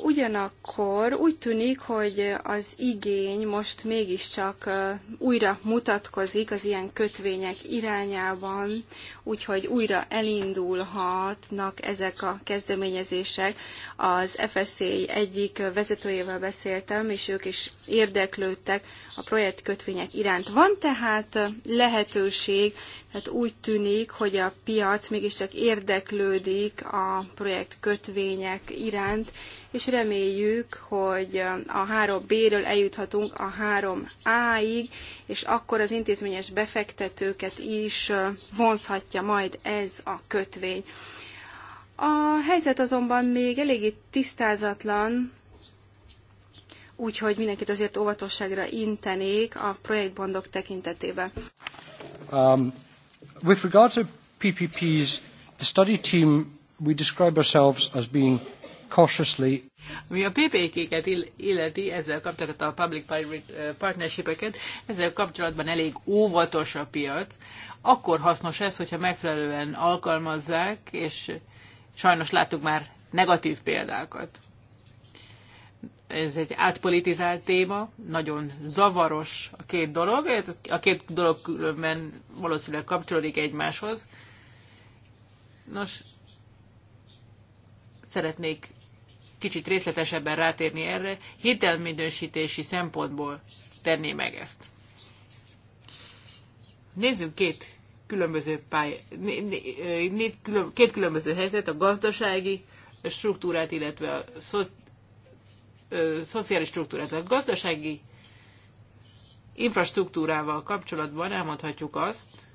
Ugyanakkor úgy tűnik, hogy az igény most mégiscsak újra mutatkozik az ilyen kötvények irányában, úgyhogy újra elindulhatnak ezek a kezdeményezések. Az FSZ egyik vezetőjével beszéltem, és ők is érdeklődtek a projektkötvények iránt. Van tehát lehetőség hát úgy tűnik, hogy a piac mégiscsak érdeklődik a projekt kötvények iránt, és reméljük, hogy a 3B-ről eljuthatunk a 3A-ig, és akkor az intézményes befektetőket is vonzhatja majd ez a kötvény. A helyzet azonban még eléggé tisztázatlan, úgyhogy mindenkit azért óvatosságra intenék a projektbondok tekintetében. Um. With regard to PPPs, the study team, we describe ourselves as being cautiously mi a PPK-ket illeti, ezzel kapcsolatban a public-private partnership-eket, ezzel kapcsolatban elég óvatos a piac. Akkor hasznos ez, hogyha megfelelően alkalmazzák, és sajnos láttuk már negatív példákat ez egy átpolitizált téma, nagyon zavaros a két dolog, a két dolog különben valószínűleg kapcsolódik egymáshoz. Nos, szeretnék kicsit részletesebben rátérni erre, hitelminősítési szempontból tenné meg ezt. Nézzünk két különböző pály... két különböző helyzet, a gazdasági struktúrát, illetve a szociális struktúrát, a gazdasági infrastruktúrával kapcsolatban elmondhatjuk azt,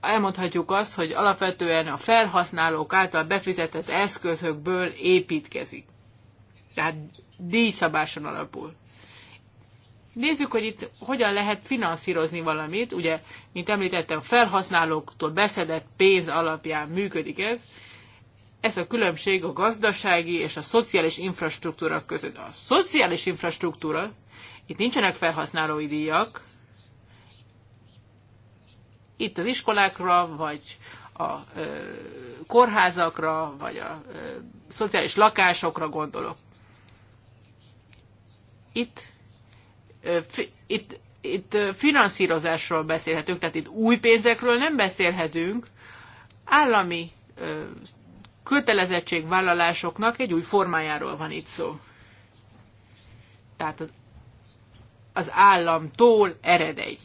elmondhatjuk azt, hogy alapvetően a felhasználók által befizetett eszközökből építkezik. Tehát díjszabáson alapul. Nézzük, hogy itt hogyan lehet finanszírozni valamit. Ugye, mint említettem, felhasználóktól beszedett pénz alapján működik ez, ez a különbség a gazdasági és a szociális infrastruktúra között. A szociális infrastruktúra, itt nincsenek felhasználói díjak, itt az iskolákra, vagy a ö, kórházakra, vagy a ö, szociális lakásokra gondolok. Itt, ö, fi, itt, itt finanszírozásról beszélhetünk, tehát itt új pénzekről nem beszélhetünk, állami ö, kötelezettségvállalásoknak egy új formájáról van itt szó. Tehát az államtól ered egy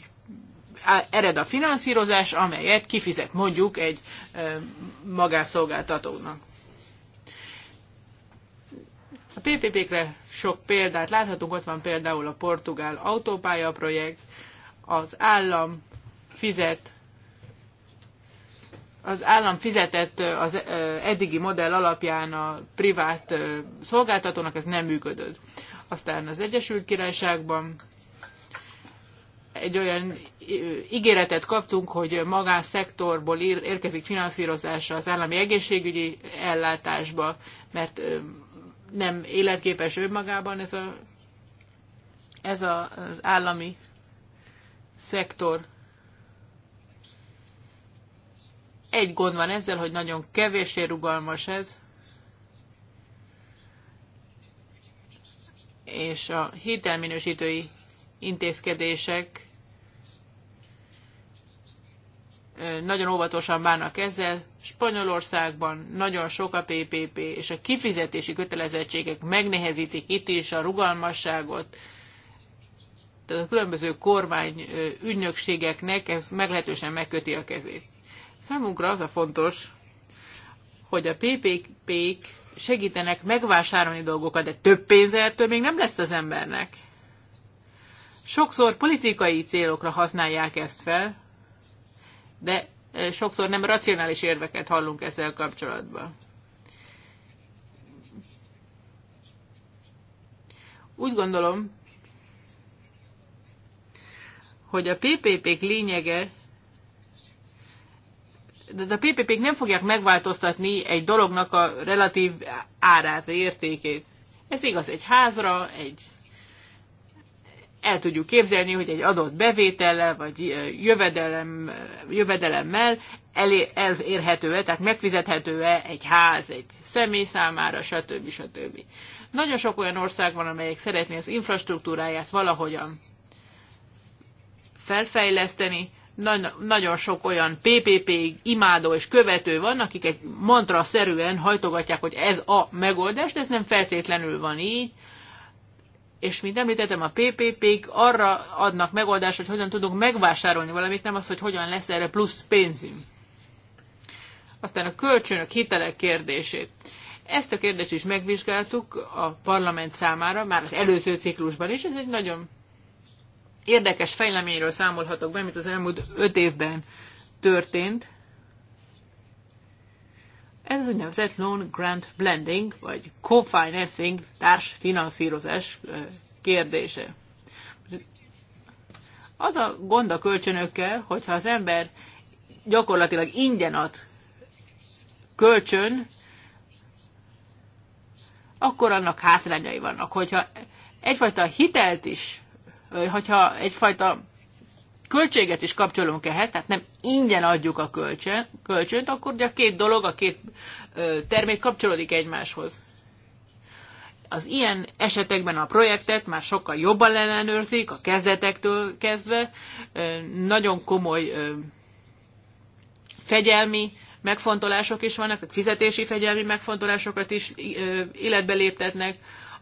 ered a finanszírozás, amelyet kifizet mondjuk egy magánszolgáltatónak. A PPP-kre sok példát láthatunk, ott van például a portugál autópálya projekt, az állam fizet az állam fizetett az eddigi modell alapján a privát szolgáltatónak ez nem működött. Aztán az Egyesült Királyságban egy olyan ígéretet kaptunk, hogy magánszektorból érkezik finanszírozása az állami egészségügyi ellátásba, mert nem életképes önmagában ez, a, ez az állami szektor. Egy gond van ezzel, hogy nagyon kevésé rugalmas ez, és a hitelminősítői intézkedések nagyon óvatosan bánnak ezzel. Spanyolországban nagyon sok a PPP, és a kifizetési kötelezettségek megnehezítik itt is a rugalmasságot. Tehát a különböző kormány ügynökségeknek ez meglehetősen megköti a kezét. Számunkra az a fontos, hogy a PPP-k segítenek megvásárolni dolgokat, de több pénzertől még nem lesz az embernek. Sokszor politikai célokra használják ezt fel, de e, sokszor nem racionális érveket hallunk ezzel kapcsolatban. Úgy gondolom, hogy a PPP-k lényege de a PPP-k nem fogják megváltoztatni egy dolognak a relatív árát, vagy értékét. Ez igaz egy házra, egy el tudjuk képzelni, hogy egy adott bevétellel vagy jövedelem, jövedelemmel elérhető-e, tehát megfizethető-e egy ház egy személy számára, stb. stb. Nagyon sok olyan ország van, amelyek szeretné az infrastruktúráját valahogyan felfejleszteni, nagyon sok olyan PPP imádó és követő van, akik egy mantra szerűen hajtogatják, hogy ez a megoldás, de ez nem feltétlenül van így. És mint említettem, a PPP-k arra adnak megoldást, hogy hogyan tudunk megvásárolni valamit, nem az, hogy hogyan lesz erre plusz pénzünk. Aztán a kölcsönök, hitelek kérdését. Ezt a kérdést is megvizsgáltuk a parlament számára, már az előző ciklusban is, ez egy nagyon érdekes fejleményről számolhatok be, amit az elmúlt öt évben történt. Ez az úgynevezett Loan Grant Blending, vagy co-financing, társfinanszírozás kérdése. Az a gond a kölcsönökkel, hogyha az ember gyakorlatilag ingyen ad kölcsön, akkor annak hátrányai vannak. Hogyha egyfajta hitelt is hogyha egyfajta költséget is kapcsolunk ehhez, tehát nem ingyen adjuk a kölcsön, kölcsönt, akkor ugye a két dolog, a két termék kapcsolódik egymáshoz. Az ilyen esetekben a projektet már sokkal jobban ellenőrzik, a kezdetektől kezdve, nagyon komoly fegyelmi megfontolások is vannak, fizetési fegyelmi megfontolásokat is életbe léptetnek,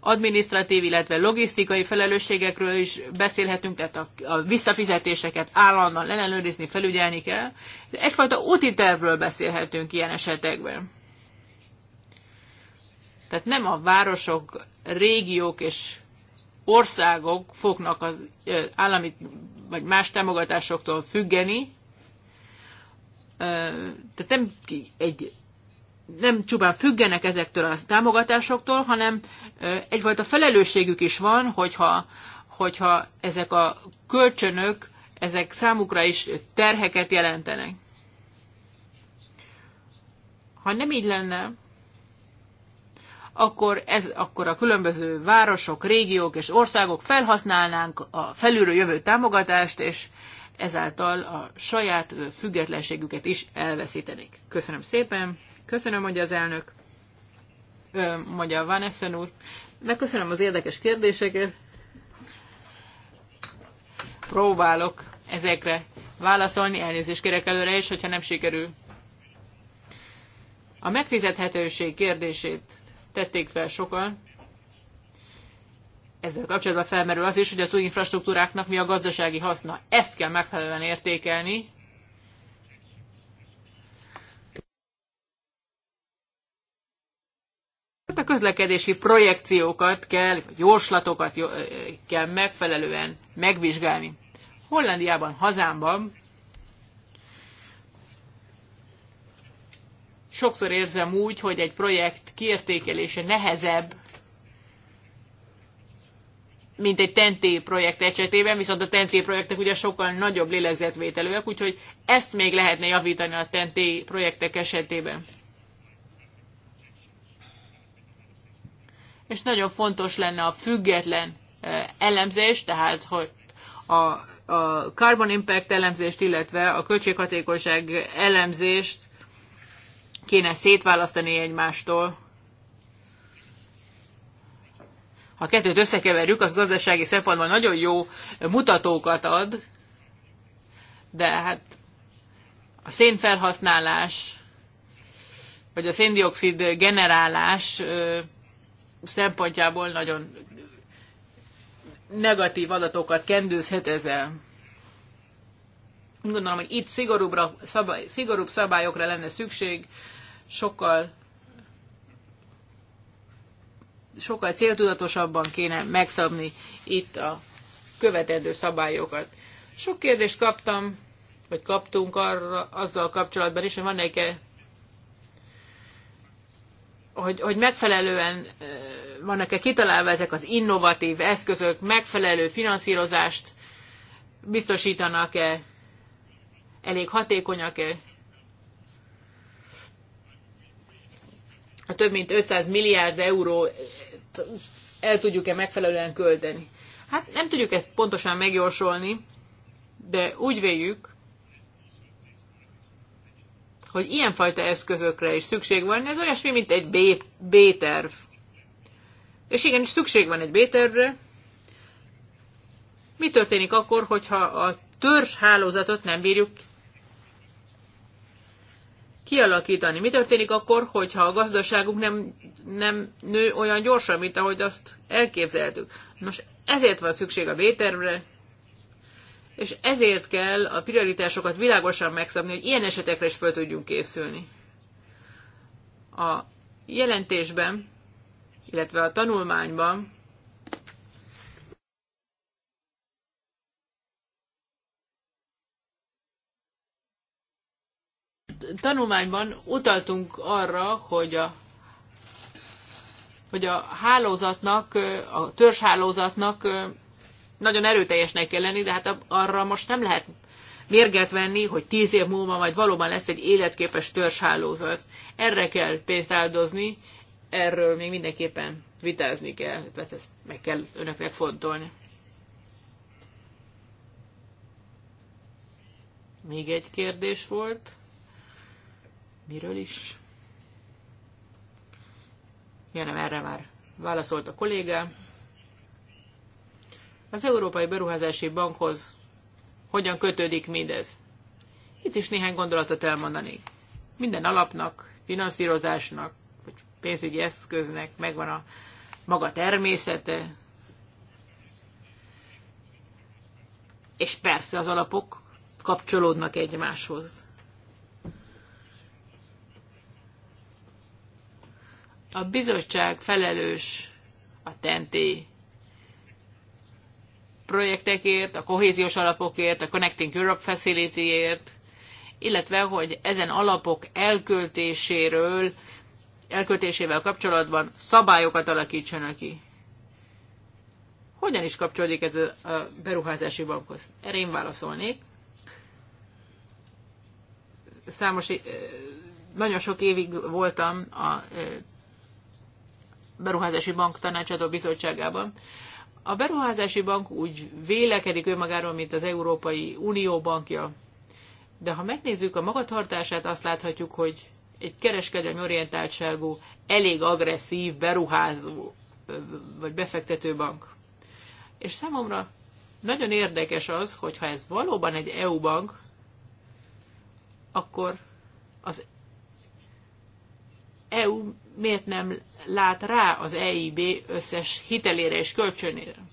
adminisztratív, illetve logisztikai felelősségekről is beszélhetünk, tehát a, a visszafizetéseket állandóan ellenőrizni, felügyelni kell. egyfajta úti tervről beszélhetünk ilyen esetekben. Tehát nem a városok, régiók és országok fognak az állami vagy más támogatásoktól függeni, tehát nem egy nem csupán függenek ezektől a támogatásoktól, hanem egyfajta felelősségük is van, hogyha, hogyha ezek a kölcsönök, ezek számukra is terheket jelentenek. Ha nem így lenne, akkor, ez, akkor a különböző városok, régiók és országok felhasználnánk a felülről jövő támogatást, és ezáltal a saját függetlenségüket is elveszítenék. Köszönöm szépen! Köszönöm, hogy az elnök, ö, mondja Van Essen úr. Megköszönöm az érdekes kérdéseket. Próbálok ezekre válaszolni, elnézést kérek előre is, hogyha nem sikerül. A megfizethetőség kérdését tették fel sokan. Ezzel kapcsolatban felmerül az is, hogy az új infrastruktúráknak mi a gazdasági haszna. Ezt kell megfelelően értékelni, Tehát a közlekedési projekciókat kell, vagy jóslatokat kell megfelelően megvizsgálni. Hollandiában, hazámban sokszor érzem úgy, hogy egy projekt kiértékelése nehezebb, mint egy tenté projekt esetében, viszont a tenté projektek ugye sokkal nagyobb lélegzetvételőek, úgyhogy ezt még lehetne javítani a tenté projektek esetében. és nagyon fontos lenne a független elemzés, tehát hogy a, a carbon impact elemzést, illetve a költséghatékonyság elemzést kéne szétválasztani egymástól. Ha kettőt összekeverjük, az gazdasági szempontból nagyon jó mutatókat ad, de hát a szénfelhasználás, vagy a széndiokszid generálás szempontjából nagyon negatív adatokat kendőzhet ezzel. Gondolom, hogy itt szigorúbbra, szabály, szigorúbb szabályokra lenne szükség, sokkal sokkal céltudatosabban kéne megszabni itt a követendő szabályokat. Sok kérdést kaptam, vagy kaptunk arra, azzal kapcsolatban is, hogy van-e hogy, hogy megfelelően vannak-e kitalálva ezek az innovatív eszközök, megfelelő finanszírozást biztosítanak-e, elég hatékonyak-e. A több mint 500 milliárd euró el tudjuk-e megfelelően költeni. Hát nem tudjuk ezt pontosan megjósolni, de úgy véljük, hogy ilyenfajta eszközökre is szükség van, ez olyasmi, mint egy B, terv És is szükség van egy B-tervre. Mi történik akkor, hogyha a hálózatot nem bírjuk kialakítani? Mi történik akkor, hogyha a gazdaságunk nem, nem nő olyan gyorsan, mint ahogy azt elképzeltük? Nos, ezért van szükség a B-tervre, és ezért kell a prioritásokat világosan megszabni, hogy ilyen esetekre is fel tudjunk készülni. A jelentésben, illetve a tanulmányban tanulmányban utaltunk arra, hogy a hogy a hálózatnak, a törzshálózatnak nagyon erőteljesnek kell lenni, de hát arra most nem lehet mérget venni, hogy tíz év múlva majd valóban lesz egy életképes törzshálózat. Erre kell pénzt áldozni, erről még mindenképpen vitázni kell, tehát ezt meg kell önöknek fontolni. Még egy kérdés volt. Miről is? Ja, nem, erre már válaszolt a kollégám. Az Európai Beruházási Bankhoz hogyan kötődik mindez? Itt is néhány gondolatot elmondani. Minden alapnak, finanszírozásnak, vagy pénzügyi eszköznek megvan a maga természete, és persze az alapok kapcsolódnak egymáshoz. A bizottság felelős a tenté projektekért, a kohéziós alapokért, a Connecting Europe Facilityért, illetve hogy ezen alapok elköltéséről, elköltésével kapcsolatban szabályokat alakítsanak ki. Hogyan is kapcsolódik ez a beruházási bankhoz? Erre én válaszolnék. Számos, eh, nagyon sok évig voltam a eh, beruházási bank tanácsadó bizottságában. A beruházási bank úgy vélekedik önmagáról, mint az Európai Unió bankja. De ha megnézzük a magatartását, azt láthatjuk, hogy egy kereskedelmi orientáltságú, elég agresszív, beruházó vagy befektető bank. És számomra nagyon érdekes az, hogy ha ez valóban egy EU bank, akkor az EU miért nem lát rá az EIB összes hitelére és kölcsönére?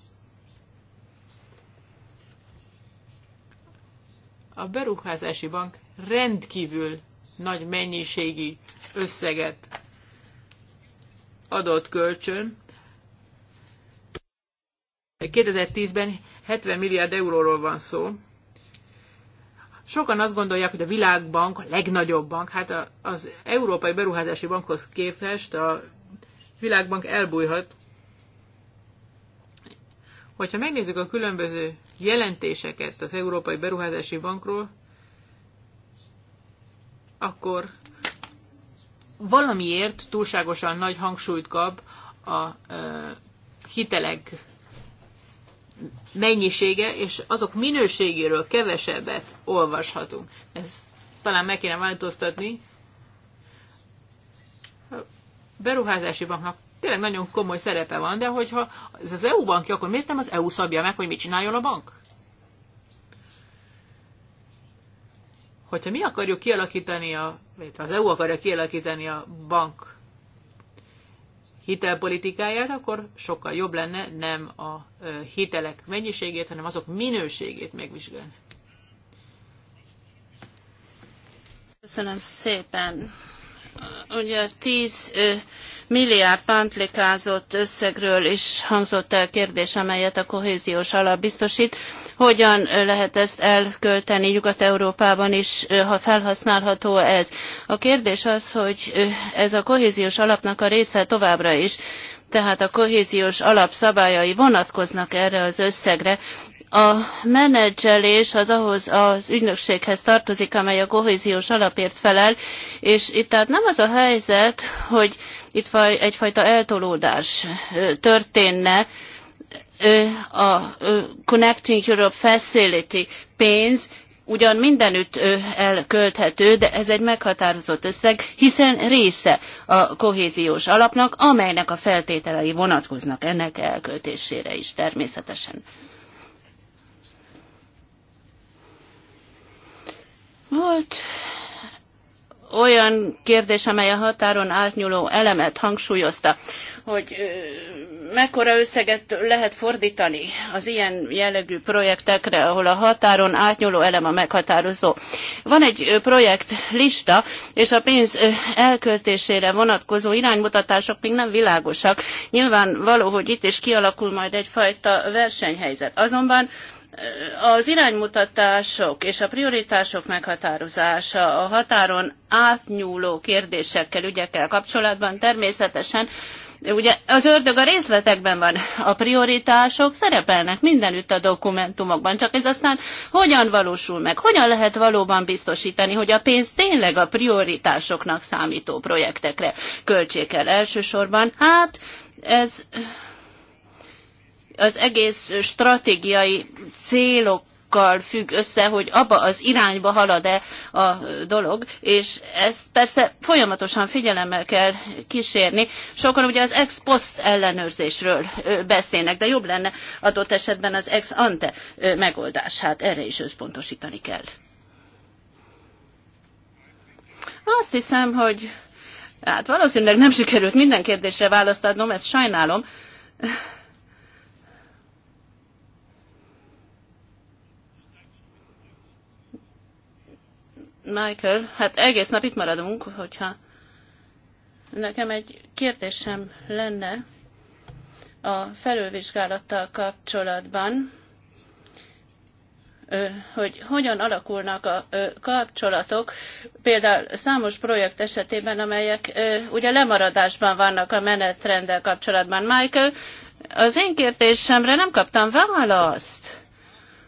A beruházási bank rendkívül nagy mennyiségi összeget adott kölcsön. 2010-ben 70 milliárd euróról van szó. Sokan azt gondolják, hogy a világbank a legnagyobb bank, hát az Európai Beruházási Bankhoz képest a világbank elbújhat. Hogyha megnézzük a különböző jelentéseket az Európai Beruházási Bankról, akkor valamiért túlságosan nagy hangsúlyt kap a hitelek mennyisége és azok minőségéről kevesebbet olvashatunk. Ez talán meg kéne változtatni. A beruházási banknak tényleg nagyon komoly szerepe van, de hogyha ez az EU banki, akkor miért nem az EU szabja meg, hogy mit csináljon a bank? Hogyha mi akarjuk kialakítani a, az EU akarja kialakítani a bank hitelpolitikáját, akkor sokkal jobb lenne nem a hitelek mennyiségét, hanem azok minőségét megvizsgálni. Köszönöm szépen. Ugye tíz milliárd pantlikázott összegről is hangzott el kérdés, amelyet a kohéziós alap biztosít. Hogyan lehet ezt elkölteni Nyugat-Európában is, ha felhasználható ez? A kérdés az, hogy ez a kohéziós alapnak a része továbbra is tehát a kohéziós alap szabályai vonatkoznak erre az összegre, a menedzselés az ahhoz az ügynökséghez tartozik, amely a kohéziós alapért felel, és itt tehát nem az a helyzet, hogy itt egyfajta eltolódás történne, a Connecting Europe Facility pénz ugyan mindenütt elkölthető, de ez egy meghatározott összeg, hiszen része a kohéziós alapnak, amelynek a feltételei vonatkoznak ennek elköltésére is természetesen. Volt olyan kérdés, amely a határon átnyúló elemet hangsúlyozta, hogy mekkora összeget lehet fordítani az ilyen jellegű projektekre, ahol a határon átnyúló elem a meghatározó. Van egy projekt lista, és a pénz elköltésére vonatkozó iránymutatások még nem világosak. Nyilván való, hogy itt is kialakul majd egyfajta versenyhelyzet. Azonban az iránymutatások és a prioritások meghatározása a határon átnyúló kérdésekkel, ügyekkel kapcsolatban természetesen Ugye az ördög a részletekben van, a prioritások szerepelnek mindenütt a dokumentumokban, csak ez aztán hogyan valósul meg, hogyan lehet valóban biztosítani, hogy a pénz tényleg a prioritásoknak számító projektekre költsék el elsősorban. Hát ez az egész stratégiai célok függ össze, hogy abba az irányba halad-e a dolog, és ezt persze folyamatosan figyelemmel kell kísérni. Sokan ugye az ex post ellenőrzésről beszélnek, de jobb lenne adott esetben az ex ante megoldását erre is összpontosítani kell. Azt hiszem, hogy hát valószínűleg nem sikerült minden kérdésre választ adnom, ezt sajnálom. Michael, hát egész nap itt maradunk, hogyha nekem egy kérdésem lenne a felülvizsgálattal kapcsolatban, hogy hogyan alakulnak a kapcsolatok, például számos projekt esetében, amelyek ugye lemaradásban vannak a menetrenddel kapcsolatban. Michael, az én kérdésemre nem kaptam választ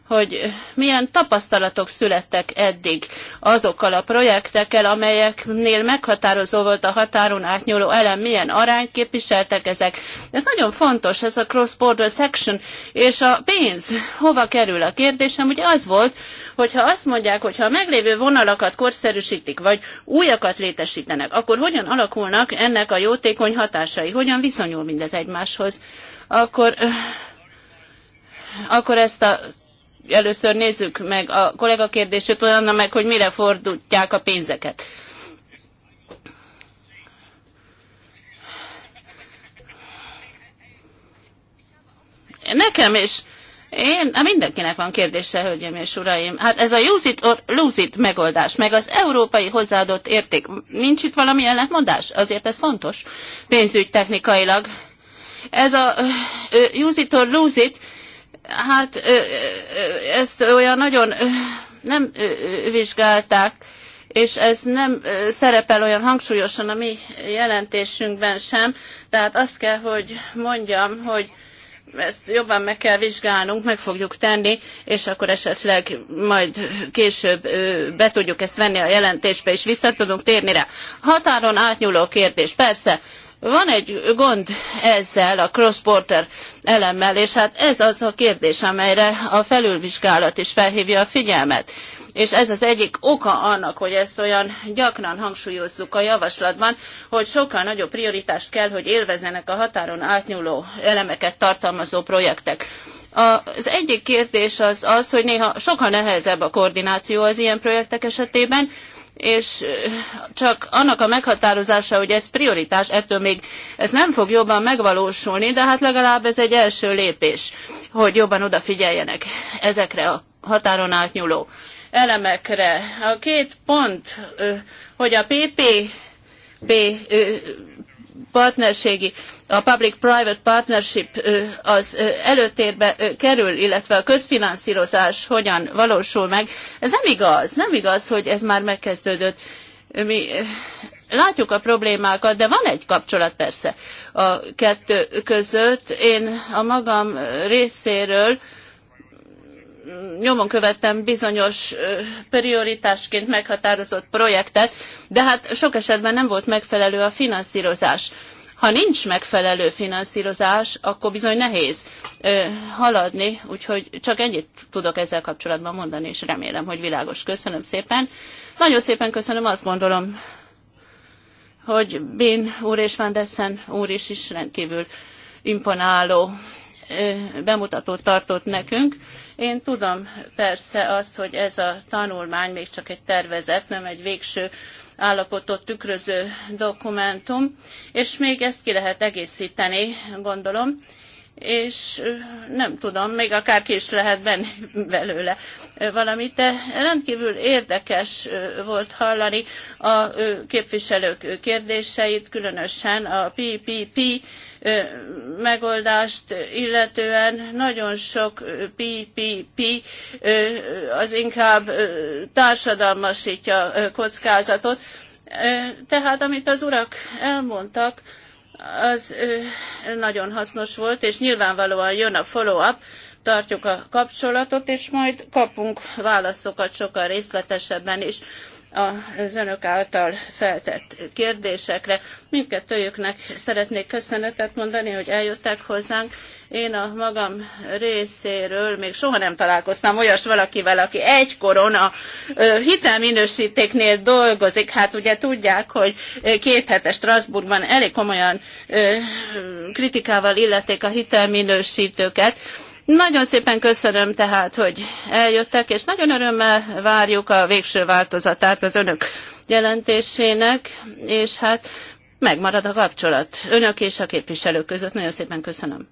hogy milyen tapasztalatok születtek eddig azokkal a projektekkel, amelyeknél meghatározó volt a határon átnyúló elem, milyen arányt képviseltek ezek. Ez nagyon fontos, ez a cross-border section, és a pénz hova kerül a kérdésem, ugye az volt, hogyha azt mondják, hogy ha a meglévő vonalakat korszerűsítik, vagy újakat létesítenek, akkor hogyan alakulnak ennek a jótékony hatásai, hogyan viszonyul mindez egymáshoz, akkor, akkor ezt a először nézzük meg a kollega kérdését, utána meg, hogy mire fordítják a pénzeket. Nekem is. Én, hát mindenkinek van kérdése, hölgyeim és uraim. Hát ez a use it or lose it megoldás, meg az európai hozzáadott érték. Nincs itt valami ellentmondás? Azért ez fontos pénzügy technikailag. Ez a uh, use it or lose it, hát ezt olyan nagyon nem vizsgálták, és ez nem szerepel olyan hangsúlyosan a mi jelentésünkben sem, tehát azt kell, hogy mondjam, hogy ezt jobban meg kell vizsgálnunk, meg fogjuk tenni, és akkor esetleg majd később be tudjuk ezt venni a jelentésbe, és vissza tudunk térni rá. Határon átnyúló kérdés, persze, van egy gond ezzel, a cross-border elemmel, és hát ez az a kérdés, amelyre a felülvizsgálat is felhívja a figyelmet és ez az egyik oka annak, hogy ezt olyan gyakran hangsúlyozzuk a javaslatban, hogy sokkal nagyobb prioritást kell, hogy élvezzenek a határon átnyúló elemeket tartalmazó projektek. Az egyik kérdés az az, hogy néha sokkal nehezebb a koordináció az ilyen projektek esetében, és csak annak a meghatározása, hogy ez prioritás, ettől még ez nem fog jobban megvalósulni, de hát legalább ez egy első lépés, hogy jobban odafigyeljenek ezekre a határon átnyúló elemekre. A két pont, hogy a PP partnerségi, a public-private partnership az előtérbe kerül, illetve a közfinanszírozás hogyan valósul meg. Ez nem igaz, nem igaz, hogy ez már megkezdődött. Mi látjuk a problémákat, de van egy kapcsolat persze a kettő között. Én a magam részéről nyomon követtem bizonyos prioritásként meghatározott projektet, de hát sok esetben nem volt megfelelő a finanszírozás. Ha nincs megfelelő finanszírozás, akkor bizony nehéz haladni, úgyhogy csak ennyit tudok ezzel kapcsolatban mondani, és remélem, hogy világos. Köszönöm szépen. Nagyon szépen köszönöm, azt gondolom, hogy Bén úr és Van Dessen úr is, is rendkívül imponáló bemutatót tartott nekünk én tudom persze azt, hogy ez a tanulmány még csak egy tervezet, nem egy végső állapotot tükröző dokumentum, és még ezt ki lehet egészíteni, gondolom és nem tudom, még akár ki is lehet benni belőle valamit, de rendkívül érdekes volt hallani a képviselők kérdéseit, különösen a PPP megoldást illetően nagyon sok PPP az inkább társadalmasítja kockázatot, tehát amit az urak elmondtak, az nagyon hasznos volt, és nyilvánvalóan jön a follow-up, tartjuk a kapcsolatot, és majd kapunk válaszokat sokkal részletesebben is az önök által feltett kérdésekre. Mindkettőjüknek szeretnék köszönetet mondani, hogy eljöttek hozzánk. Én a magam részéről még soha nem találkoztam olyas valakivel, aki egykoron a hitelminősítéknél dolgozik. Hát ugye tudják, hogy két hete Strasbourgban elég komolyan kritikával illették a hitelminősítőket, nagyon szépen köszönöm tehát, hogy eljöttek, és nagyon örömmel várjuk a végső változatát az önök jelentésének, és hát megmarad a kapcsolat önök és a képviselők között. Nagyon szépen köszönöm.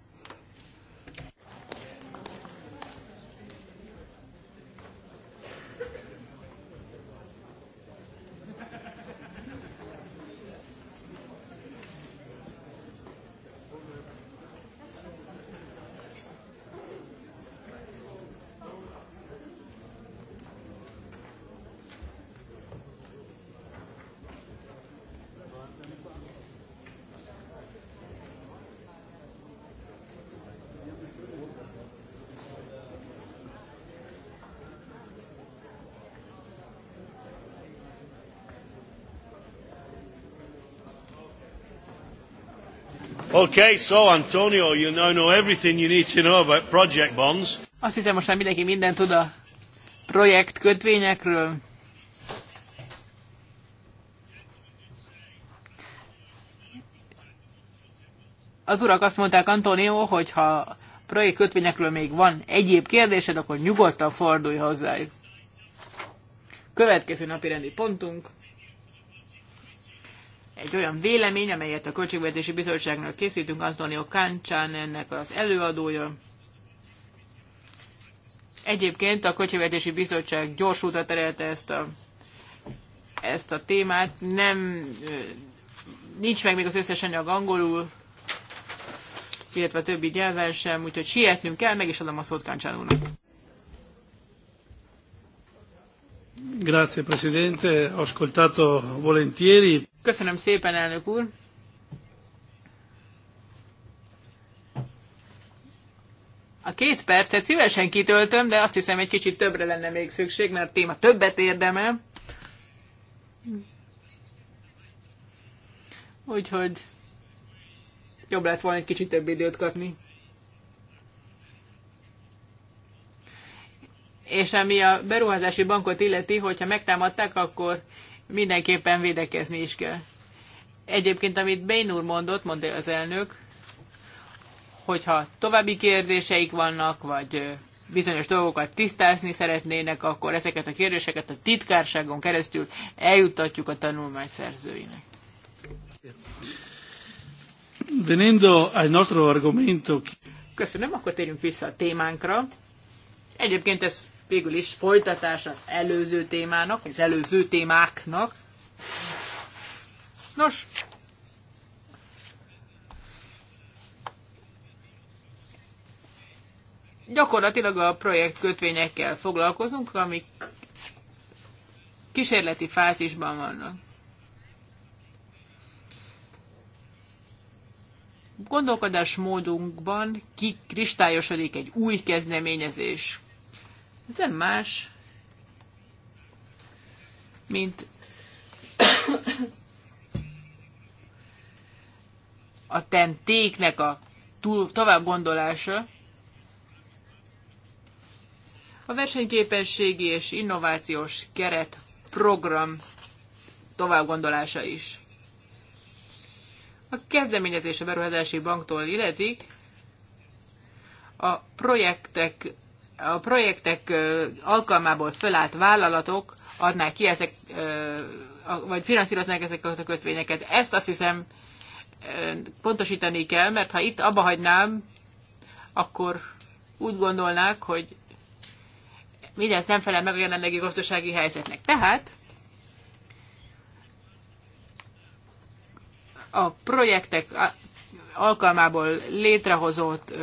Okay, so Antonio, you now know everything you need to know about project bonds. Azt hiszem, most már mindenki minden tud a projekt kötvényekről. Az urak azt mondták, Antonio, hogy ha projekt kötvényekről még van egyéb kérdésed, akkor nyugodtan fordulj hozzájuk. Következő napi rendi pontunk egy olyan vélemény, amelyet a Költségvetési Bizottságnak készítünk, Antonio Kancsán ennek az előadója. Egyébként a Költségvetési Bizottság útra terelte ezt a, ezt a témát. Nem, nincs meg még az összes anyag angolul, illetve a többi nyelven sem, úgyhogy sietnünk kell, meg is adom a szót Káncsán úrnak. Grazie Presidente, ho ascoltato volentieri. Köszönöm szépen, elnök úr. A két percet szívesen kitöltöm, de azt hiszem egy kicsit többre lenne még szükség, mert a téma többet érdemel. Úgyhogy jobb lett volna egy kicsit több időt kapni. és ami a beruházási bankot illeti, hogyha megtámadták, akkor mindenképpen védekezni is kell. Egyébként, amit Bain úr mondott, mondja az elnök, hogyha további kérdéseik vannak, vagy bizonyos dolgokat tisztázni szeretnének, akkor ezeket a kérdéseket a titkárságon keresztül eljuttatjuk a tanulmány szerzőinek. Venendo al nostro argomento. Köszönöm, akkor térjünk vissza a témánkra. Egyébként ez végül is folytatás az előző témának, az előző témáknak. Nos, gyakorlatilag a projekt kötvényekkel foglalkozunk, amik kísérleti fázisban vannak. Gondolkodásmódunkban kikristályosodik egy új kezdeményezés. Ez nem más, mint a tentéknek a túl, tovább gondolása, a versenyképességi és innovációs keret program továbbgondolása is. A kezdeményezés a Beruházási Banktól illetik, a projektek a projektek alkalmából fölállt vállalatok adnák ki ezek, vagy finanszíroznák ezeket a kötvényeket. Ezt azt hiszem pontosítani kell, mert ha itt abba hagynám, akkor úgy gondolnák, hogy mindez nem felel meg a jelenlegi gazdasági helyzetnek. Tehát a projektek alkalmából létrehozott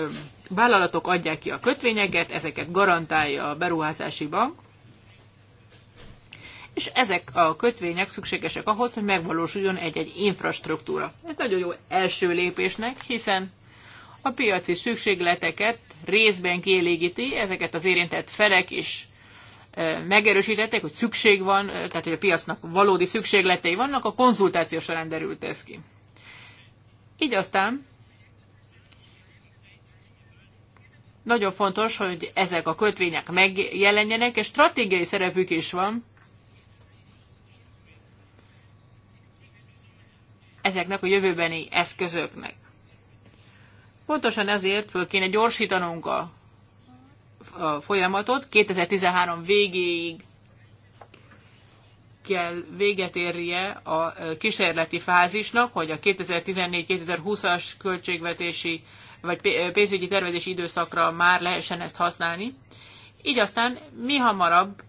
vállalatok adják ki a kötvényeket, ezeket garantálja a beruházási bank, és ezek a kötvények szükségesek ahhoz, hogy megvalósuljon egy-egy infrastruktúra. Ez nagyon jó első lépésnek, hiszen a piaci szükségleteket részben kielégíti, ezeket az érintett felek is e, megerősítették, hogy szükség van, e, tehát hogy a piacnak valódi szükségletei vannak, a konzultáció során derült ez ki. Így aztán Nagyon fontos, hogy ezek a kötvények megjelenjenek, és stratégiai szerepük is van. ezeknek a jövőbeni eszközöknek. Pontosan ezért föl kéne gyorsítanunk a, a folyamatot, 2013 végéig kell véget érje a kísérleti fázisnak, hogy a 2014-2020-as költségvetési vagy pénzügyi tervezési időszakra már lehessen ezt használni. Így aztán mi hamarabb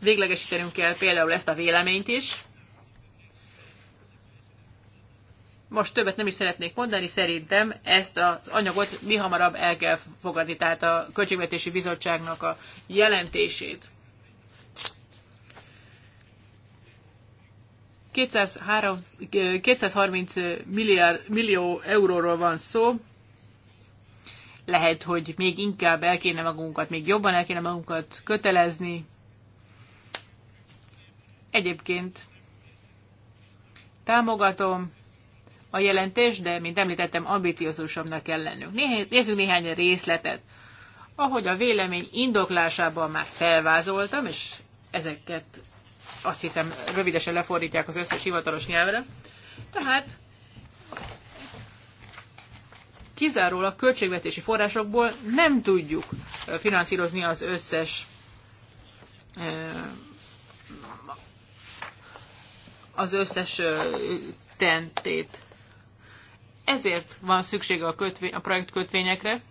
véglegesítenünk kell például ezt a véleményt is, most többet nem is szeretnék mondani, szerintem ezt az anyagot mi hamarabb el kell fogadni, tehát a Költségvetési Bizottságnak a jelentését. 203, 230 milliárd, millió euróról van szó, lehet, hogy még inkább el kéne magunkat, még jobban el kéne magunkat kötelezni. Egyébként támogatom, a jelentés, de, mint említettem, ambiciózusabbnak kell lennünk. Nézzük néhány részletet. Ahogy a vélemény indoklásában már felvázoltam, és ezeket azt hiszem rövidesen lefordítják az összes hivatalos nyelvre. Tehát kizárólag költségvetési forrásokból nem tudjuk finanszírozni az összes az összes tentét ezért van szüksége a, kötvény, a projektkötvényekre,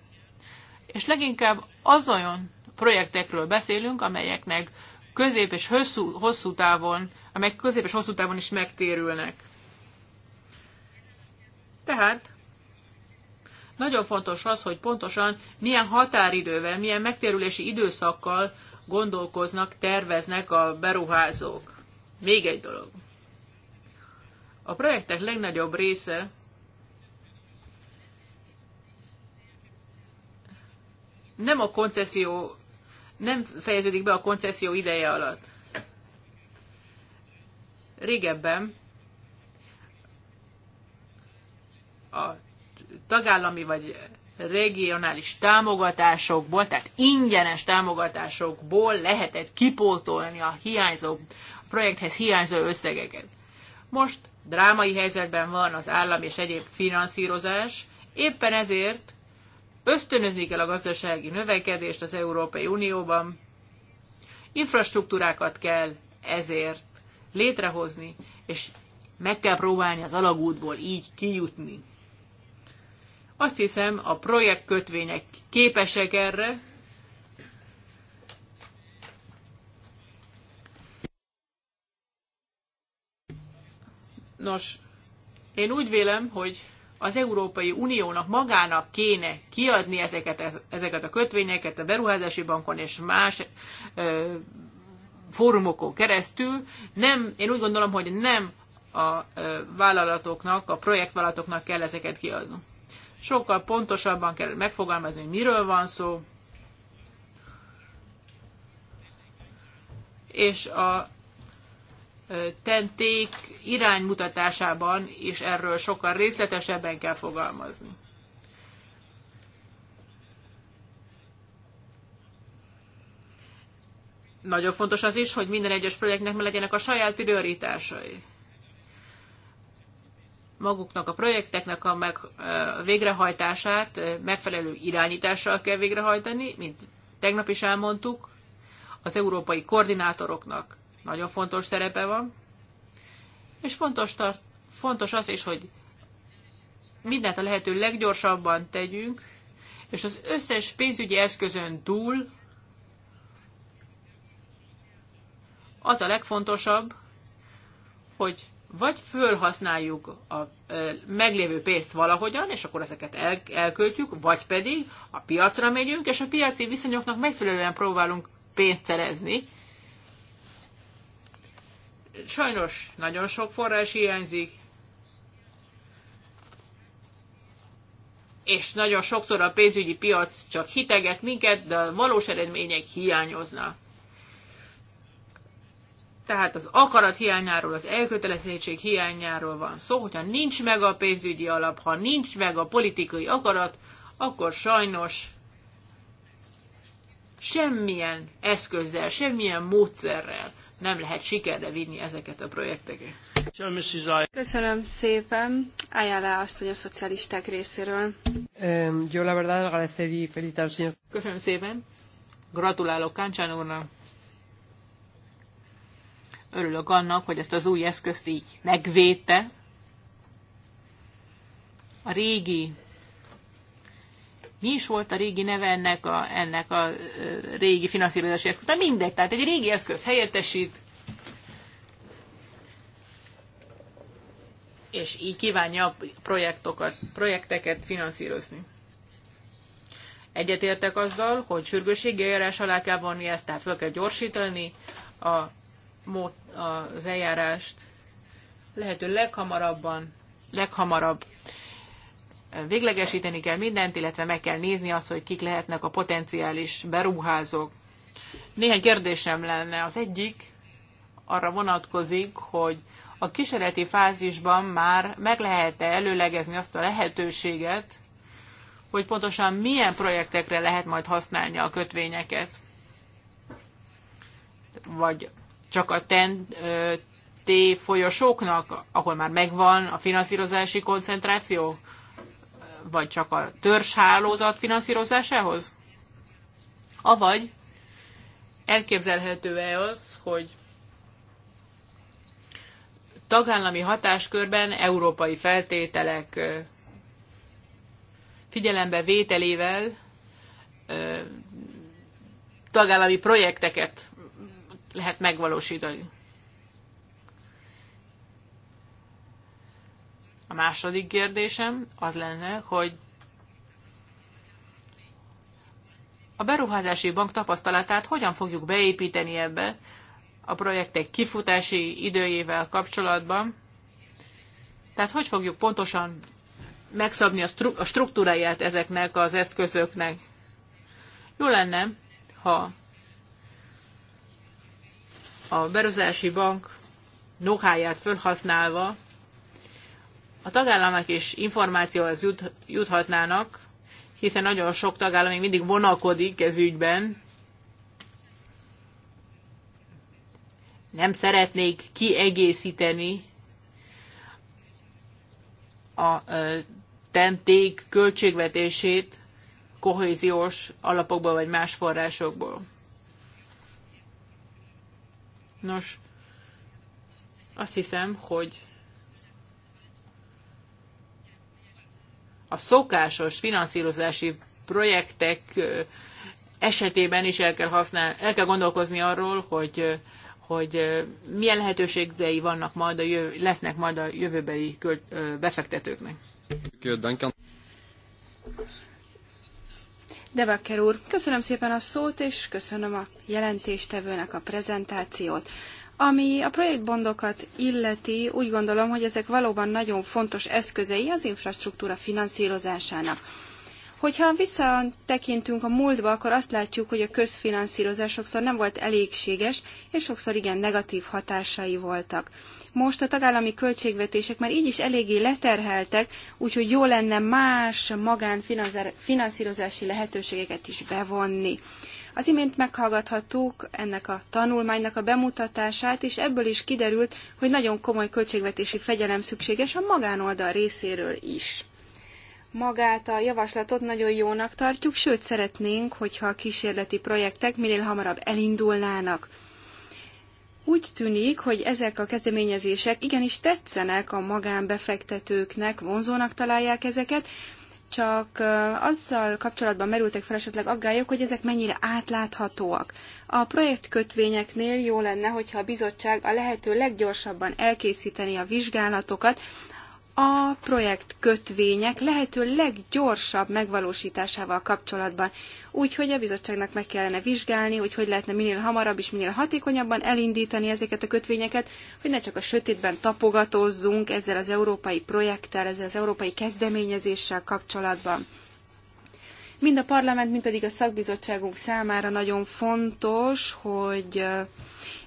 és leginkább azon projektekről beszélünk, amelyeknek közép és hosszú, hosszú távon, amelyek közép és hosszú távon is megtérülnek. Tehát nagyon fontos az, hogy pontosan milyen határidővel, milyen megtérülési időszakkal gondolkoznak, terveznek a beruházók. Még egy dolog. A projektek legnagyobb része nem a konceszió, nem fejeződik be a konceszió ideje alatt. Régebben a tagállami vagy regionális támogatásokból, tehát ingyenes támogatásokból lehetett kipótolni a hiányzó a projekthez hiányzó összegeket. Most drámai helyzetben van az állam és egyéb finanszírozás, éppen ezért ösztönözni kell a gazdasági növekedést az Európai Unióban, infrastruktúrákat kell ezért létrehozni, és meg kell próbálni az alagútból így kijutni. Azt hiszem, a projektkötvények képesek erre, Nos, én úgy vélem, hogy az Európai Uniónak magának kéne kiadni ezeket, ezeket a kötvényeket a beruházási bankon és más ö, fórumokon keresztül. Nem, én úgy gondolom, hogy nem a ö, vállalatoknak, a projektvállalatoknak kell ezeket kiadni. Sokkal pontosabban kell megfogalmazni, hogy miről van szó, és a tenték iránymutatásában is erről sokkal részletesebben kell fogalmazni. Nagyon fontos az is, hogy minden egyes projektnek meg legyenek a saját prioritásai. Maguknak a projekteknek a, meg, a végrehajtását megfelelő irányítással kell végrehajtani, mint tegnap is elmondtuk, az európai koordinátoroknak nagyon fontos szerepe van, és fontos, tart, fontos az is, hogy mindent a lehető leggyorsabban tegyünk, és az összes pénzügyi eszközön túl az a legfontosabb, hogy vagy fölhasználjuk a meglévő pénzt valahogyan, és akkor ezeket el, elköltjük, vagy pedig a piacra megyünk, és a piaci viszonyoknak megfelelően próbálunk pénzt szerezni. Sajnos nagyon sok forrás hiányzik, és nagyon sokszor a pénzügyi piac csak hiteget minket, de a valós eredmények hiányoznak. Tehát az akarat hiányáról, az elkötelezettség hiányáról van szó, hogyha nincs meg a pénzügyi alap, ha nincs meg a politikai akarat, akkor sajnos semmilyen eszközzel, semmilyen módszerrel nem lehet sikerre vinni ezeket a projekteket. Köszönöm szépen. azt, hogy a szocialisták részéről. Yo la verdad agradecería felicitar señor. Köszönöm szépen. Gratulálok Káncsán úrnak. Örülök annak, hogy ezt az új eszközt így megvédte. A régi mi is volt a régi neve ennek a, ennek a régi finanszírozási eszköz. Tehát mindegy, tehát egy régi eszköz helyettesít, és így kívánja projektokat, projekteket finanszírozni. Egyetértek azzal, hogy sürgősségi eljárás alá kell vonni ezt, tehát fel kell gyorsítani a, az eljárást lehető leghamarabban, leghamarabb véglegesíteni kell mindent, illetve meg kell nézni azt, hogy kik lehetnek a potenciális beruházók. Néhány kérdésem lenne. Az egyik arra vonatkozik, hogy a kísérleti fázisban már meg lehet-e előlegezni azt a lehetőséget, hogy pontosan milyen projektekre lehet majd használni a kötvényeket? Vagy csak a TEN-T folyosóknak, ahol már megvan a finanszírozási koncentráció? vagy csak a törzshálózat finanszírozásához? Avagy elképzelhető-e az, hogy tagállami hatáskörben európai feltételek figyelembe vételével tagállami projekteket lehet megvalósítani. második kérdésem az lenne, hogy a beruházási bank tapasztalatát hogyan fogjuk beépíteni ebbe a projektek kifutási időjével kapcsolatban? Tehát hogy fogjuk pontosan megszabni a, stru- a struktúráját ezeknek az eszközöknek? Jó lenne, ha a beruházási bank nohaját felhasználva a tagállamok is információhoz jut, juthatnának, hiszen nagyon sok tagállam még mindig vonakodik ez ügyben. Nem szeretnék kiegészíteni a tenték költségvetését kohéziós alapokból vagy más forrásokból. Nos, azt hiszem, hogy a szokásos finanszírozási projektek esetében is el kell, használ, el kell gondolkozni arról, hogy, hogy milyen lehetőségei vannak majd a jövő, lesznek majd a jövőbeli befektetőknek. Debakker úr, köszönöm szépen a szót, és köszönöm a jelentéstevőnek a prezentációt. Ami a projektbondokat illeti, úgy gondolom, hogy ezek valóban nagyon fontos eszközei az infrastruktúra finanszírozásának. Hogyha visszatekintünk a múltba, akkor azt látjuk, hogy a közfinanszírozás sokszor nem volt elégséges, és sokszor igen negatív hatásai voltak. Most a tagállami költségvetések már így is eléggé leterheltek, úgyhogy jó lenne más magánfinanszírozási lehetőségeket is bevonni. Az imént meghallgathattuk ennek a tanulmánynak a bemutatását, és ebből is kiderült, hogy nagyon komoly költségvetési fegyelem szükséges a magánoldal részéről is. Magát a javaslatot nagyon jónak tartjuk, sőt szeretnénk, hogyha a kísérleti projektek minél hamarabb elindulnának. Úgy tűnik, hogy ezek a kezdeményezések igenis tetszenek a magánbefektetőknek, vonzónak találják ezeket, csak azzal kapcsolatban merültek fel esetleg aggályok, hogy ezek mennyire átláthatóak. A projektkötvényeknél jó lenne, hogyha a bizottság a lehető leggyorsabban elkészíteni a vizsgálatokat, a projekt kötvények lehető leggyorsabb megvalósításával kapcsolatban. Úgyhogy a bizottságnak meg kellene vizsgálni, hogy hogy lehetne minél hamarabb és minél hatékonyabban elindítani ezeket a kötvényeket, hogy ne csak a sötétben tapogatózzunk ezzel az európai projekttel, ezzel az európai kezdeményezéssel kapcsolatban. Mind a parlament, mind pedig a szakbizottságunk számára nagyon fontos, hogy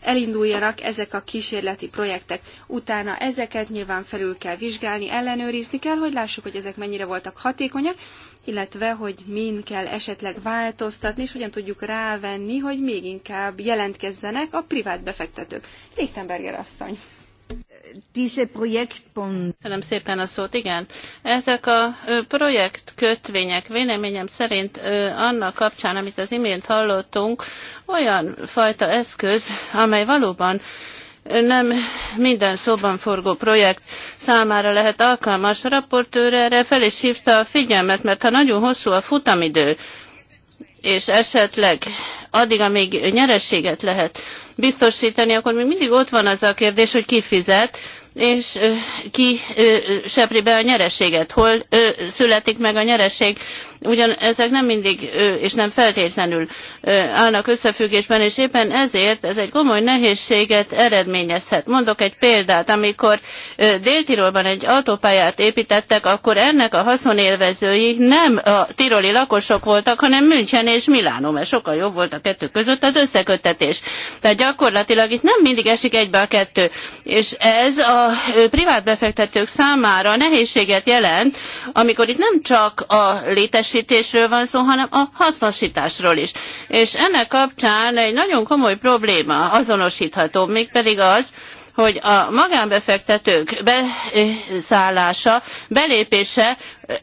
elinduljanak ezek a kísérleti projektek. Utána ezeket nyilván felül kell vizsgálni, ellenőrizni kell, hogy lássuk, hogy ezek mennyire voltak hatékonyak, illetve hogy min kell esetleg változtatni, és hogyan tudjuk rávenni, hogy még inkább jelentkezzenek a privát befektetők. Lichtenberger asszony. Köszönöm szépen a szót, igen. Ezek a projektkötvények véleményem szerint annak kapcsán, amit az imént hallottunk, olyan fajta eszköz, amely valóban nem minden szóban forgó projekt számára lehet alkalmas. A raportőr erre fel is hívta a figyelmet, mert ha nagyon hosszú a futamidő, és esetleg addig, amíg nyereséget lehet biztosítani, akkor még mindig ott van az a kérdés, hogy ki fizet, és ki sepri be a nyereséget, hol születik meg a nyereség. Ugyan ezek nem mindig és nem feltétlenül állnak összefüggésben, és éppen ezért ez egy komoly nehézséget eredményezhet. Mondok egy példát, amikor Dél-Tirolban egy autópályát építettek, akkor ennek a haszonélvezői nem a tiroli lakosok voltak, hanem München és Milánó, mert sokkal jobb volt a kettő között az összeköttetés. Tehát gyakorlatilag itt nem mindig esik egybe a kettő, és ez a a privát befektetők számára nehézséget jelent, amikor itt nem csak a létesítésről van szó, hanem a hasznosításról is. És ennek kapcsán egy nagyon komoly probléma azonosítható, mégpedig az, hogy a magánbefektetők beszállása, belépése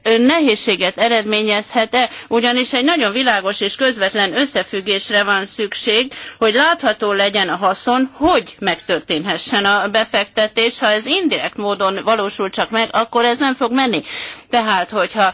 nehézséget eredményezhet-e, ugyanis egy nagyon világos és közvetlen összefüggésre van szükség, hogy látható legyen a haszon, hogy megtörténhessen a befektetés. Ha ez indirekt módon valósul csak meg, akkor ez nem fog menni. Tehát, hogyha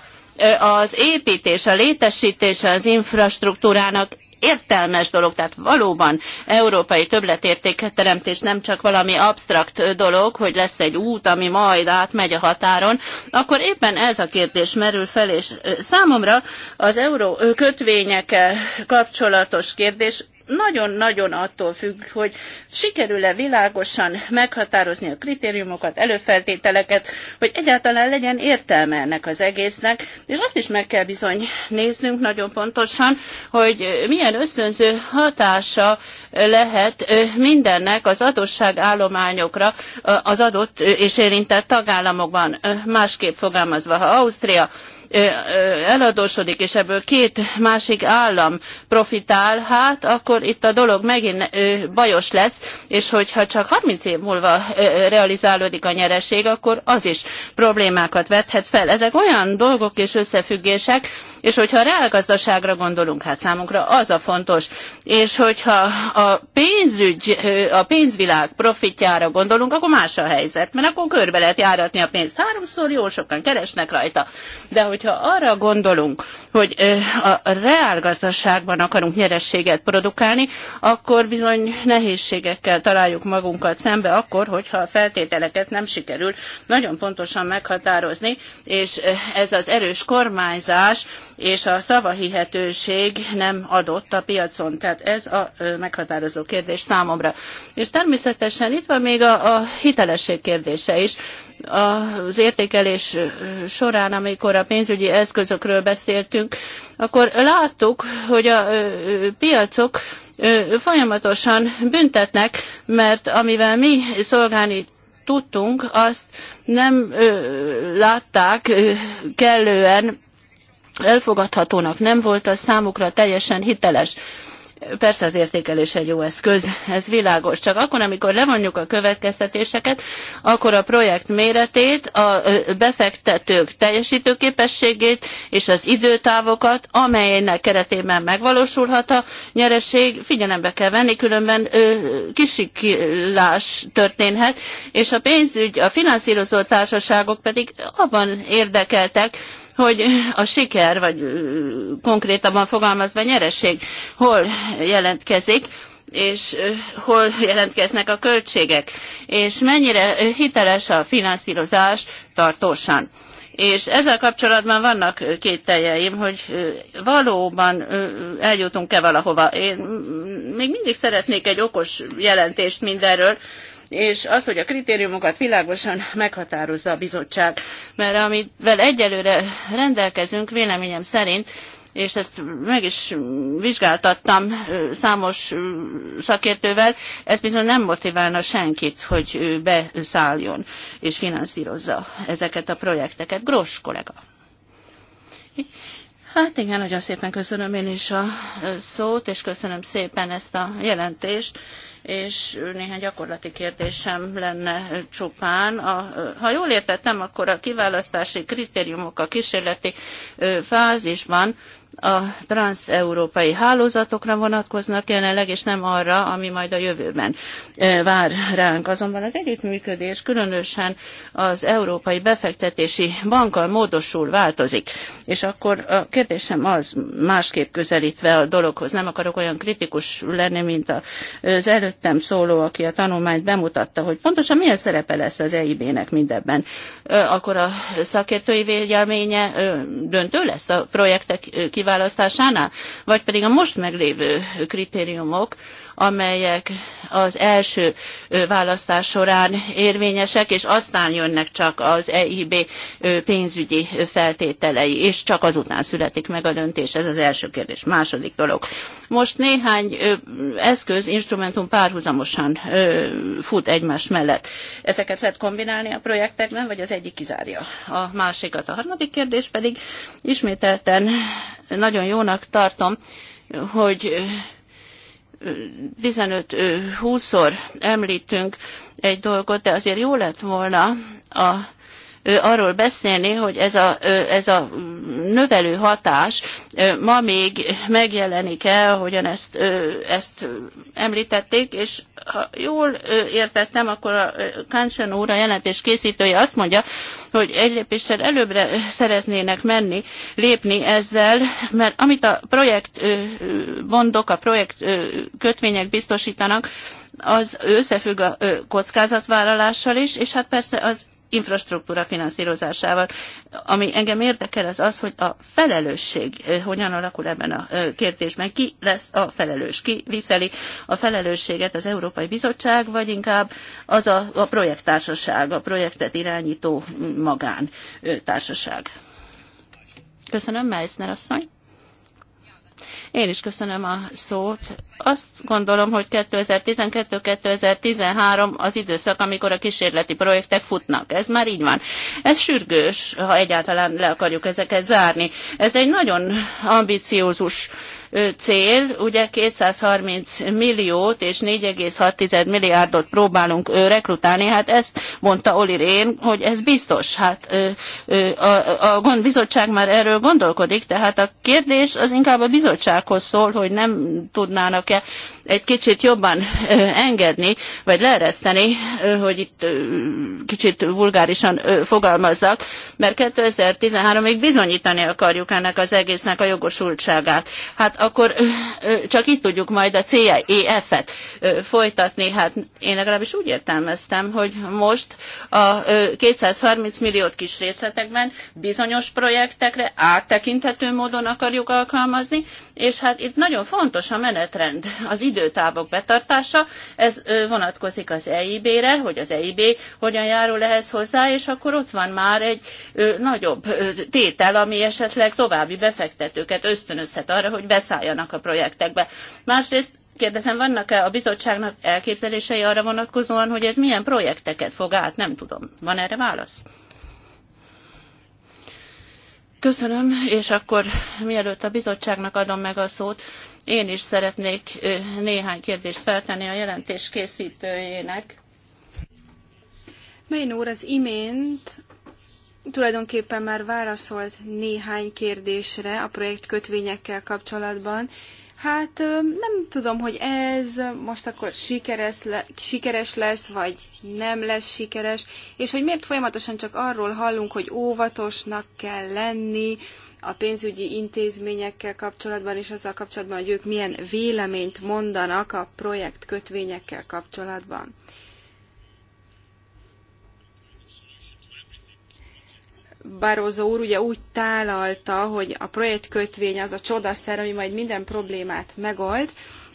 az építés, a létesítése az infrastruktúrának értelmes dolog, tehát valóban európai többletértéket teremtés nem csak valami absztrakt dolog, hogy lesz egy út, ami majd átmegy a határon, akkor éppen ez a kérdés merül fel, és számomra az euró kötvényekkel kapcsolatos kérdés nagyon-nagyon attól függ, hogy sikerül-e világosan meghatározni a kritériumokat, előfeltételeket, hogy egyáltalán legyen értelme ennek az egésznek, és azt is meg kell bizony néznünk nagyon pontosan, hogy milyen ösztönző hatása lehet mindennek az adósságállományokra az adott és érintett tagállamokban. Másképp fogalmazva, ha Ausztria eladósodik, és ebből két másik állam profitál, hát akkor itt a dolog megint bajos lesz, és hogyha csak 30 év múlva realizálódik a nyereség, akkor az is problémákat vethet fel. Ezek olyan dolgok és összefüggések, és hogyha a reálgazdaságra gondolunk, hát számunkra az a fontos. És hogyha a pénzügy, a pénzvilág profitjára gondolunk, akkor más a helyzet, mert akkor körbe lehet járatni a pénzt. Háromszor jó sokan keresnek rajta. De hogyha arra gondolunk, hogy a reálgazdaságban akarunk nyerességet produkálni, akkor bizony nehézségekkel találjuk magunkat szembe akkor, hogyha a feltételeket nem sikerül nagyon pontosan meghatározni, és ez az erős kormányzás és a szavahihetőség nem adott a piacon. Tehát ez a meghatározó kérdés számomra. És természetesen itt van még a, a hitelesség kérdése is az értékelés során, amikor a pénzügyi eszközökről beszéltünk, akkor láttuk, hogy a piacok folyamatosan büntetnek, mert amivel mi szolgálni tudtunk, azt nem látták kellően elfogadhatónak nem volt, az számukra teljesen hiteles. Persze az értékelés egy jó eszköz, ez világos. Csak akkor, amikor levonjuk a következtetéseket, akkor a projekt méretét, a befektetők teljesítőképességét és az időtávokat, amelynek keretében megvalósulhat a nyereség, figyelembe kell venni, különben ö, kisiklás történhet, és a pénzügy, a finanszírozó társaságok pedig abban érdekeltek, hogy a siker, vagy konkrétabban fogalmazva nyereség hol jelentkezik, és hol jelentkeznek a költségek, és mennyire hiteles a finanszírozás tartósan. És ezzel kapcsolatban vannak két teljeim, hogy valóban eljutunk-e valahova. Én még mindig szeretnék egy okos jelentést mindenről, és az, hogy a kritériumokat világosan meghatározza a bizottság. Mert amivel egyelőre rendelkezünk, véleményem szerint, és ezt meg is vizsgáltattam számos szakértővel, ez bizony nem motiválna senkit, hogy beszálljon és finanszírozza ezeket a projekteket. Gross kollega. Hát igen, nagyon szépen köszönöm én is a szót, és köszönöm szépen ezt a jelentést és néhány gyakorlati kérdésem lenne csupán. A, ha jól értettem, akkor a kiválasztási kritériumok a kísérleti fázisban a transeurópai hálózatokra vonatkoznak jelenleg, és nem arra, ami majd a jövőben e, vár ránk. Azonban az együttműködés különösen az Európai Befektetési Bankkal módosul, változik. És akkor a kérdésem az, másképp közelítve a dologhoz, nem akarok olyan kritikus lenni, mint az előttem szóló, aki a tanulmányt bemutatta, hogy pontosan milyen szerepe lesz az EIB-nek mindebben. E, akkor a szakértői véleménye döntő lesz a projektek ki kiválasztásánál, vagy pedig a most meglévő kritériumok, amelyek az első választás során érvényesek, és aztán jönnek csak az EIB pénzügyi feltételei, és csak azután születik meg a döntés. Ez az első kérdés. Második dolog. Most néhány eszköz, instrumentum párhuzamosan fut egymás mellett. Ezeket lehet kombinálni a projektekben, vagy az egyik kizárja a másikat. A harmadik kérdés pedig ismételten nagyon jónak tartom, hogy 15-20-szor említünk egy dolgot, de azért jó lett volna a arról beszélni, hogy ez a, ez a növelő hatás ma még megjelenik el, ahogyan ezt, ezt említették, és ha jól értettem, akkor a Kansen úr, a jelentés készítője azt mondja, hogy egy lépéssel előbbre szeretnének menni, lépni ezzel, mert amit a projekt bondok, a projekt kötvények biztosítanak, az összefügg a kockázatvállalással is, és hát persze az infrastruktúra finanszírozásával. Ami engem érdekel, az az, hogy a felelősség eh, hogyan alakul ebben a eh, kérdésben. Ki lesz a felelős? Ki viszeli a felelősséget az Európai Bizottság, vagy inkább az a, a projekttársaság, a projektet irányító mm, magán eh, társaság? Köszönöm, Meissner asszony. Én is köszönöm a szót azt gondolom, hogy 2012-2013 az időszak, amikor a kísérleti projektek futnak. Ez már így van. Ez sürgős, ha egyáltalán le akarjuk ezeket zárni. Ez egy nagyon ambiciózus cél, ugye 230 milliót és 4,6 milliárdot próbálunk rekrutálni, hát ezt mondta Oli Rén, hogy ez biztos. Hát a, a bizottság már erről gondolkodik, tehát a kérdés az inkább a bizottsághoz szól, hogy nem tudnának kell egy kicsit jobban engedni, vagy leereszteni, hogy itt kicsit vulgárisan fogalmazzak, mert 2013-ig bizonyítani akarjuk ennek az egésznek a jogosultságát. Hát akkor csak itt tudjuk majd a CEF-et folytatni. Hát én legalábbis úgy értelmeztem, hogy most a 230 milliót kis részletekben bizonyos projektekre áttekinthető módon akarjuk alkalmazni, és hát itt nagyon fontos a menetrend rend, az időtávok betartása, ez vonatkozik az EIB-re, hogy az EIB hogyan járul ehhez hozzá, és akkor ott van már egy nagyobb tétel, ami esetleg további befektetőket ösztönözhet arra, hogy beszálljanak a projektekbe. Másrészt kérdezem, vannak-e a bizottságnak elképzelései arra vonatkozóan, hogy ez milyen projekteket fog át? Nem tudom. Van erre válasz? Köszönöm, és akkor mielőtt a bizottságnak adom meg a szót, én is szeretnék néhány kérdést feltenni a jelentés készítőjének. Main úr az imént tulajdonképpen már válaszolt néhány kérdésre a projekt kötvényekkel kapcsolatban. Hát nem tudom, hogy ez most akkor sikeres, le, sikeres lesz, vagy nem lesz sikeres, és hogy miért folyamatosan csak arról hallunk, hogy óvatosnak kell lenni, a pénzügyi intézményekkel kapcsolatban, és azzal kapcsolatban, hogy ők milyen véleményt mondanak a projekt kötvényekkel kapcsolatban. Barroso úr ugye úgy tálalta, hogy a projektkötvény az a csodaszer, ami majd minden problémát megold,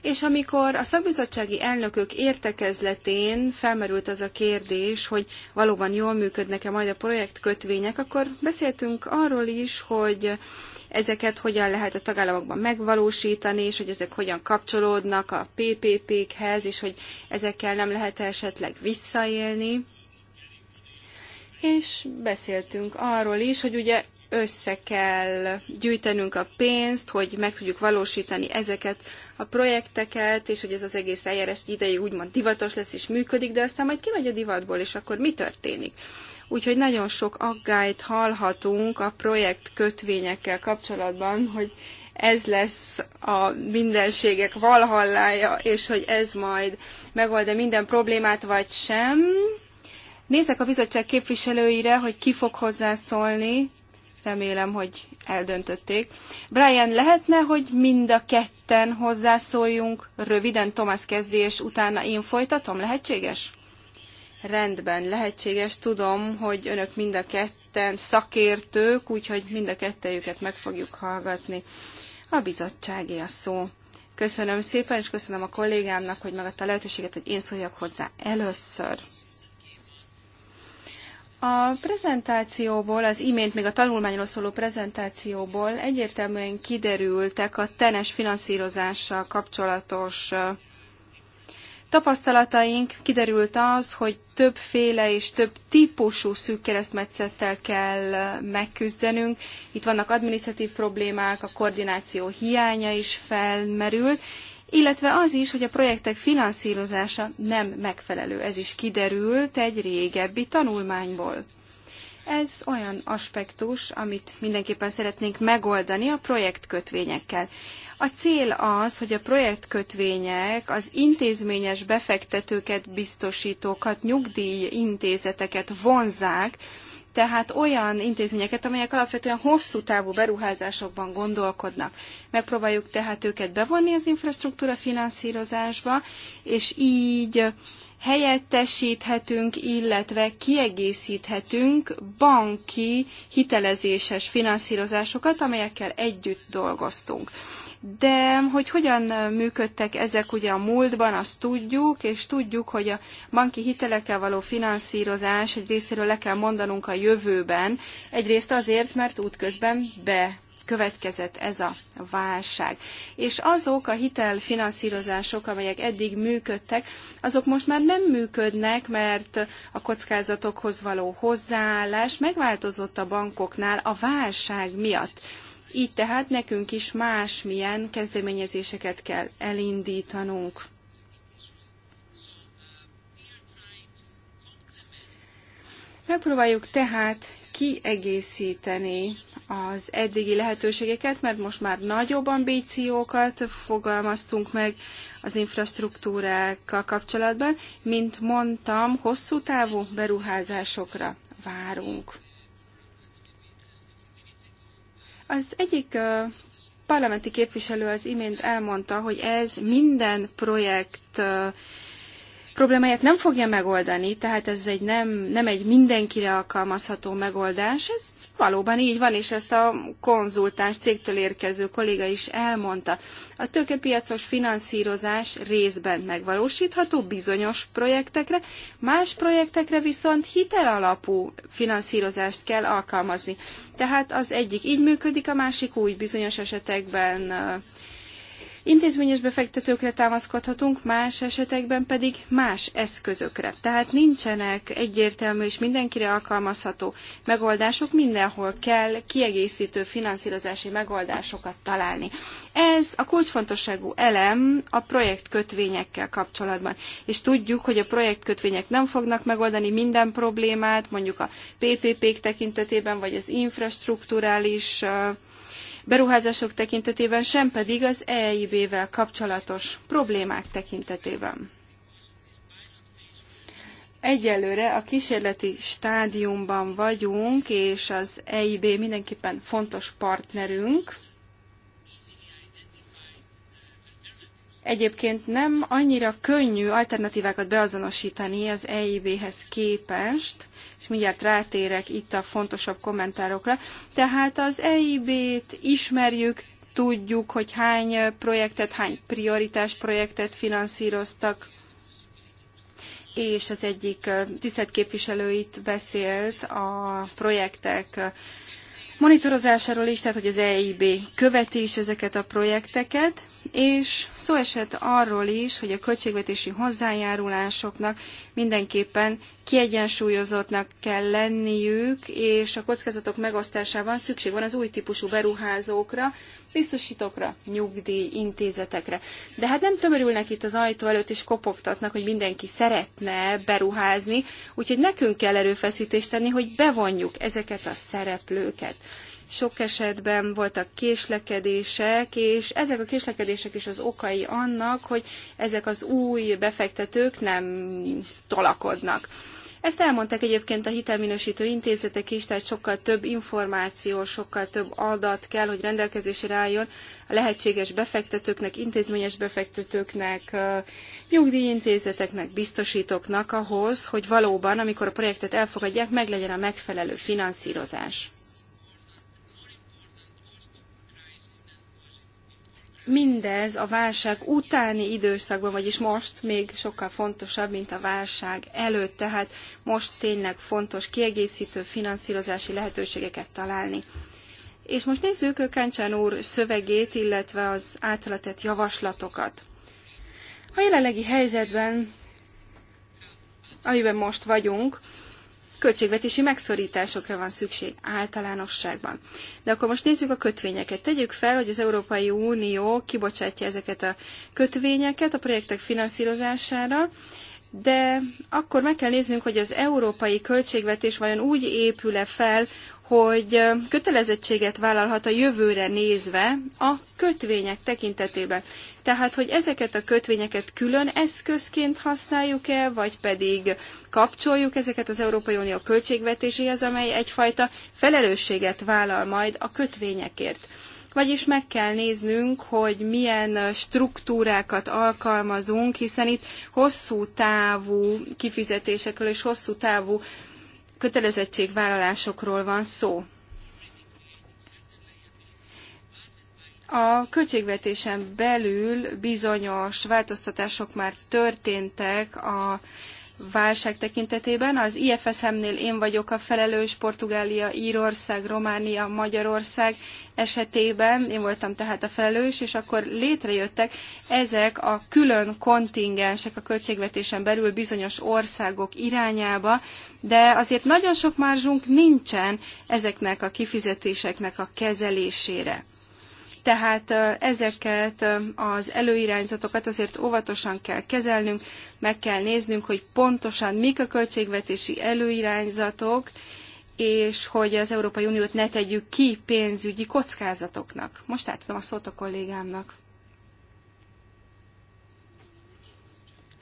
és amikor a szakbizottsági elnökök értekezletén felmerült az a kérdés, hogy valóban jól működnek-e majd a projektkötvények, akkor beszéltünk arról is, hogy ezeket hogyan lehet a tagállamokban megvalósítani, és hogy ezek hogyan kapcsolódnak a PPP-khez, és hogy ezekkel nem lehet -e esetleg visszaélni. És beszéltünk arról is, hogy ugye össze kell gyűjtenünk a pénzt, hogy meg tudjuk valósítani ezeket a projekteket, és hogy ez az egész eljárás ideig úgymond divatos lesz és működik, de aztán majd kimegy a divatból, és akkor mi történik? Úgyhogy nagyon sok aggályt hallhatunk a projekt kötvényekkel kapcsolatban, hogy ez lesz a mindenségek valhallája, és hogy ez majd megoldja minden problémát, vagy sem. Nézek a bizottság képviselőire, hogy ki fog hozzászólni. Remélem, hogy eldöntötték. Brian, lehetne, hogy mind a ketten hozzászóljunk? Röviden Tomás kezdi, és utána én folytatom. Lehetséges? Rendben, lehetséges. Tudom, hogy önök mind a ketten szakértők, úgyhogy mind a kettejüket meg fogjuk hallgatni. A bizottságé a szó. Köszönöm szépen, és köszönöm a kollégámnak, hogy megadta a lehetőséget, hogy én szóljak hozzá először. A prezentációból, az imént még a tanulmányról szóló prezentációból egyértelműen kiderültek a tenes finanszírozással kapcsolatos tapasztalataink. Kiderült az, hogy többféle és több típusú szűk keresztmetszettel kell megküzdenünk. Itt vannak administratív problémák, a koordináció hiánya is felmerült, illetve az is, hogy a projektek finanszírozása nem megfelelő. Ez is kiderült egy régebbi tanulmányból. Ez olyan aspektus, amit mindenképpen szeretnénk megoldani a projektkötvényekkel. A cél az, hogy a projektkötvények az intézményes befektetőket, biztosítókat, nyugdíjintézeteket vonzák, tehát olyan intézményeket, amelyek alapvetően hosszú távú beruházásokban gondolkodnak. Megpróbáljuk tehát őket bevonni az infrastruktúra finanszírozásba, és így helyettesíthetünk, illetve kiegészíthetünk banki hitelezéses finanszírozásokat, amelyekkel együtt dolgoztunk de hogy hogyan működtek ezek ugye a múltban, azt tudjuk, és tudjuk, hogy a banki hitelekkel való finanszírozás egy részéről le kell mondanunk a jövőben, egyrészt azért, mert útközben be következett ez a válság. És azok a hitelfinanszírozások, amelyek eddig működtek, azok most már nem működnek, mert a kockázatokhoz való hozzáállás megváltozott a bankoknál a válság miatt. Így tehát nekünk is másmilyen kezdeményezéseket kell elindítanunk. Megpróbáljuk tehát kiegészíteni az eddigi lehetőségeket, mert most már nagyobb ambíciókat fogalmaztunk meg az infrastruktúrákkal kapcsolatban. Mint mondtam, hosszú távú beruházásokra várunk. Az egyik parlamenti képviselő az imént elmondta, hogy ez minden projekt problémáját nem fogja megoldani, tehát ez egy nem, nem egy mindenkire alkalmazható megoldás, ez valóban így van, és ezt a konzultáns cégtől érkező kolléga is elmondta. A tőkepiacos finanszírozás részben megvalósítható bizonyos projektekre, más projektekre viszont hitelalapú finanszírozást kell alkalmazni. Tehát az egyik így működik, a másik úgy bizonyos esetekben Intézményes befektetőkre támaszkodhatunk, más esetekben pedig más eszközökre. Tehát nincsenek egyértelmű és mindenkire alkalmazható megoldások, mindenhol kell kiegészítő finanszírozási megoldásokat találni. Ez a kulcsfontosságú elem a projektkötvényekkel kapcsolatban. És tudjuk, hogy a projektkötvények nem fognak megoldani minden problémát, mondjuk a PPP-k tekintetében, vagy az infrastruktúrális uh, beruházások tekintetében, sem pedig az EIB-vel kapcsolatos problémák tekintetében. Egyelőre a kísérleti stádiumban vagyunk, és az EIB mindenképpen fontos partnerünk. Egyébként nem annyira könnyű alternatívákat beazonosítani az EIB-hez képest, és mindjárt rátérek itt a fontosabb kommentárokra. Tehát az EIB-t ismerjük, tudjuk, hogy hány projektet, hány prioritás projektet finanszíroztak, és az egyik tisztelt képviselőit beszélt a projektek monitorozásáról is, tehát hogy az EIB követi is ezeket a projekteket és szó esett arról is, hogy a költségvetési hozzájárulásoknak mindenképpen kiegyensúlyozottnak kell lenniük, és a kockázatok megosztásában szükség van az új típusú beruházókra, biztosítókra, nyugdíjintézetekre. De hát nem tömörülnek itt az ajtó előtt, és kopogtatnak, hogy mindenki szeretne beruházni, úgyhogy nekünk kell erőfeszítést tenni, hogy bevonjuk ezeket a szereplőket. Sok esetben voltak késlekedések, és ezek a késlekedések is az okai annak, hogy ezek az új befektetők nem tolakodnak. Ezt elmondták egyébként a hitelminősítő intézetek is, tehát sokkal több információ, sokkal több adat kell, hogy rendelkezésre álljon a lehetséges befektetőknek, intézményes befektetőknek, nyugdíjintézeteknek, biztosítóknak ahhoz, hogy valóban, amikor a projektet elfogadják, meglegyen a megfelelő finanszírozás. mindez a válság utáni időszakban, vagyis most még sokkal fontosabb, mint a válság előtt, tehát most tényleg fontos kiegészítő finanszírozási lehetőségeket találni. És most nézzük Káncsán úr szövegét, illetve az átletett javaslatokat. A jelenlegi helyzetben, amiben most vagyunk, költségvetési megszorításokra van szükség általánosságban. De akkor most nézzük a kötvényeket. Tegyük fel, hogy az Európai Unió kibocsátja ezeket a kötvényeket a projektek finanszírozására, de akkor meg kell néznünk, hogy az európai költségvetés vajon úgy épül-e fel, hogy kötelezettséget vállalhat a jövőre nézve a kötvények tekintetében. Tehát, hogy ezeket a kötvényeket külön eszközként használjuk-e, vagy pedig kapcsoljuk ezeket az Európai Unió költségvetéséhez, amely egyfajta felelősséget vállal majd a kötvényekért. Vagyis meg kell néznünk, hogy milyen struktúrákat alkalmazunk, hiszen itt hosszú távú kifizetésekről és hosszú távú kötelezettségvállalásokról van szó. A költségvetésen belül bizonyos változtatások már történtek a válság tekintetében. Az IFSM-nél én vagyok a felelős Portugália, Írország, Románia, Magyarország esetében, én voltam tehát a felelős, és akkor létrejöttek ezek a külön kontingensek a költségvetésen belül bizonyos országok irányába, de azért nagyon sok márzsunk nincsen ezeknek a kifizetéseknek a kezelésére. Tehát ezeket az előirányzatokat azért óvatosan kell kezelnünk, meg kell néznünk, hogy pontosan mik a költségvetési előirányzatok, és hogy az Európai Uniót ne tegyük ki pénzügyi kockázatoknak. Most átadom a szót a kollégámnak.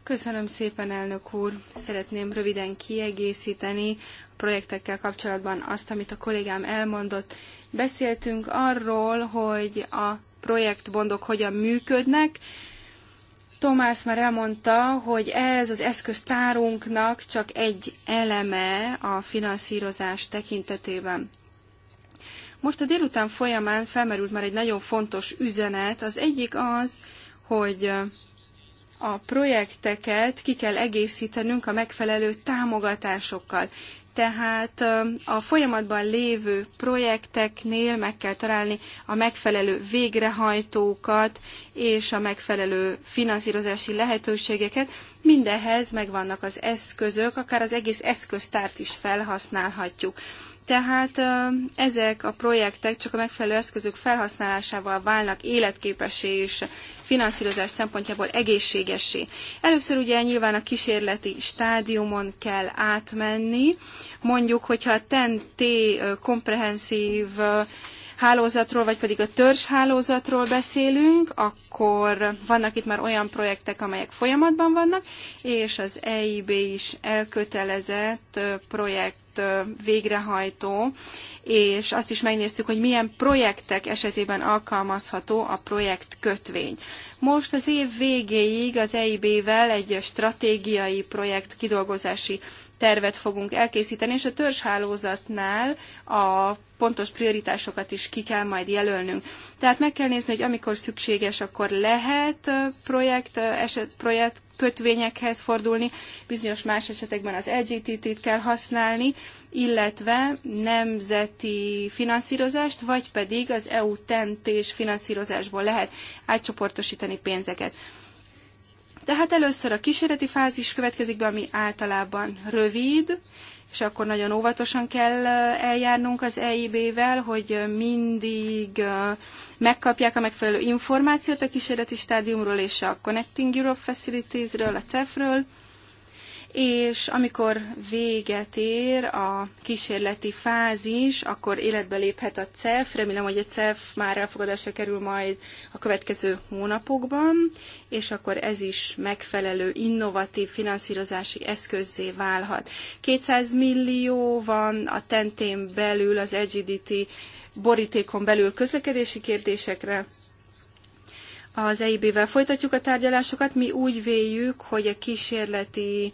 Köszönöm szépen, elnök úr! Szeretném röviden kiegészíteni projektekkel kapcsolatban azt, amit a kollégám elmondott. Beszéltünk arról, hogy a projektbondok hogyan működnek. Tomás már elmondta, hogy ez az eszköztárunknak csak egy eleme a finanszírozás tekintetében. Most a délután folyamán felmerült már egy nagyon fontos üzenet. Az egyik az, hogy a projekteket ki kell egészítenünk a megfelelő támogatásokkal tehát a folyamatban lévő projekteknél meg kell találni a megfelelő végrehajtókat és a megfelelő finanszírozási lehetőségeket. Mindehhez megvannak az eszközök, akár az egész eszköztárt is felhasználhatjuk. Tehát ezek a projektek csak a megfelelő eszközök felhasználásával válnak életképessé és finanszírozás szempontjából egészségessé. Először ugye nyilván a kísérleti stádiumon kell átmenni. Mondjuk, hogyha a TEN-T komprehenszív hálózatról, vagy pedig a hálózatról beszélünk, akkor vannak itt már olyan projektek, amelyek folyamatban vannak, és az EIB is elkötelezett projekt projekt végrehajtó, és azt is megnéztük, hogy milyen projektek esetében alkalmazható a projekt kötvény. Most az év végéig az EIB-vel egy stratégiai projekt kidolgozási tervet fogunk elkészíteni, és a törzshálózatnál a pontos prioritásokat is ki kell majd jelölnünk. Tehát meg kell nézni, hogy amikor szükséges, akkor lehet projekt, eset, projekt kötvényekhez fordulni, bizonyos más esetekben az LGTT-t kell használni, illetve nemzeti finanszírozást, vagy pedig az EU tentés finanszírozásból lehet átcsoportosítani pénzeket. Tehát először a kísérleti fázis következik be, ami általában rövid, és akkor nagyon óvatosan kell eljárnunk az EIB-vel, hogy mindig megkapják a megfelelő információt a kísérleti stádiumról és a Connecting Europe Facilities-ről, a CEF-ről, és amikor véget ér a kísérleti fázis, akkor életbe léphet a CEF, remélem, hogy a CEF már elfogadásra kerül majd a következő hónapokban, és akkor ez is megfelelő innovatív finanszírozási eszközzé válhat. 200 millió van a tentén belül az EGDT borítékon belül közlekedési kérdésekre, az EIB-vel folytatjuk a tárgyalásokat. Mi úgy véljük, hogy a kísérleti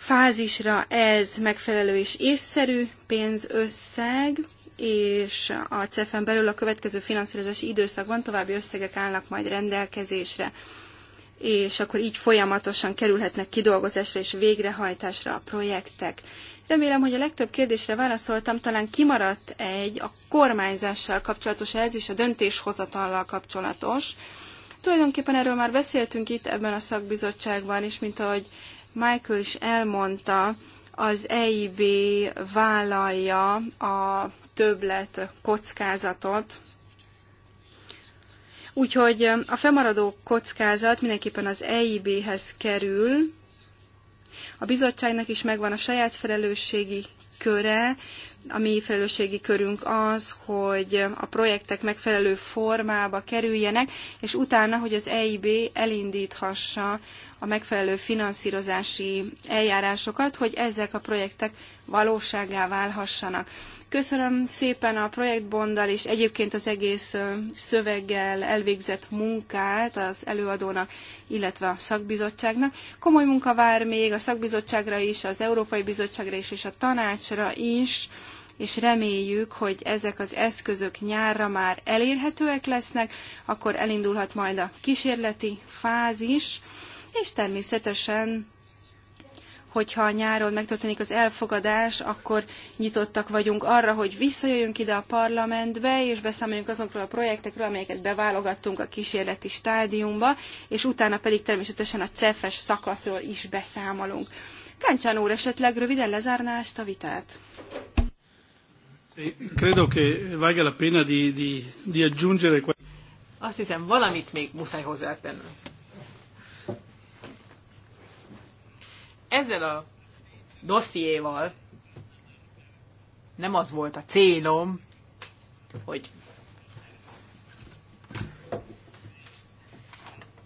fázisra ez megfelelő és észszerű pénzösszeg, és a CEF-en belül a következő finanszírozási időszakban további összegek állnak majd rendelkezésre, és akkor így folyamatosan kerülhetnek kidolgozásra és végrehajtásra a projektek. Remélem, hogy a legtöbb kérdésre válaszoltam, talán kimaradt egy a kormányzással kapcsolatos, ez is a döntéshozatallal kapcsolatos. Tulajdonképpen erről már beszéltünk itt ebben a szakbizottságban, és mint ahogy Michael is elmondta, az EIB vállalja a többlet kockázatot, Úgyhogy a fennmaradó kockázat mindenképpen az EIB-hez kerül. A bizottságnak is megvan a saját felelősségi köre, a mi felelősségi körünk az, hogy a projektek megfelelő formába kerüljenek, és utána, hogy az EIB elindíthassa a megfelelő finanszírozási eljárásokat, hogy ezek a projektek valóságá válhassanak. Köszönöm szépen a projektbonddal és egyébként az egész szöveggel elvégzett munkát az előadónak, illetve a szakbizottságnak. Komoly munka vár még a szakbizottságra is, az Európai Bizottságra is és a tanácsra is és reméljük, hogy ezek az eszközök nyárra már elérhetőek lesznek, akkor elindulhat majd a kísérleti fázis, és természetesen hogyha nyáron megtörténik az elfogadás, akkor nyitottak vagyunk arra, hogy visszajöjjünk ide a parlamentbe, és beszámoljunk azokról a projektekről, amelyeket beválogattunk a kísérleti stádiumba, és utána pedig természetesen a CEFES szakaszról is beszámolunk. Káncsán úr esetleg röviden lezárná ezt a vitát? Credo che valga la pena di, di, di aggiungere... Azt hiszem, valamit még muszáj hozzátennünk. Ezzel a dossziéval nem az volt a célom, hogy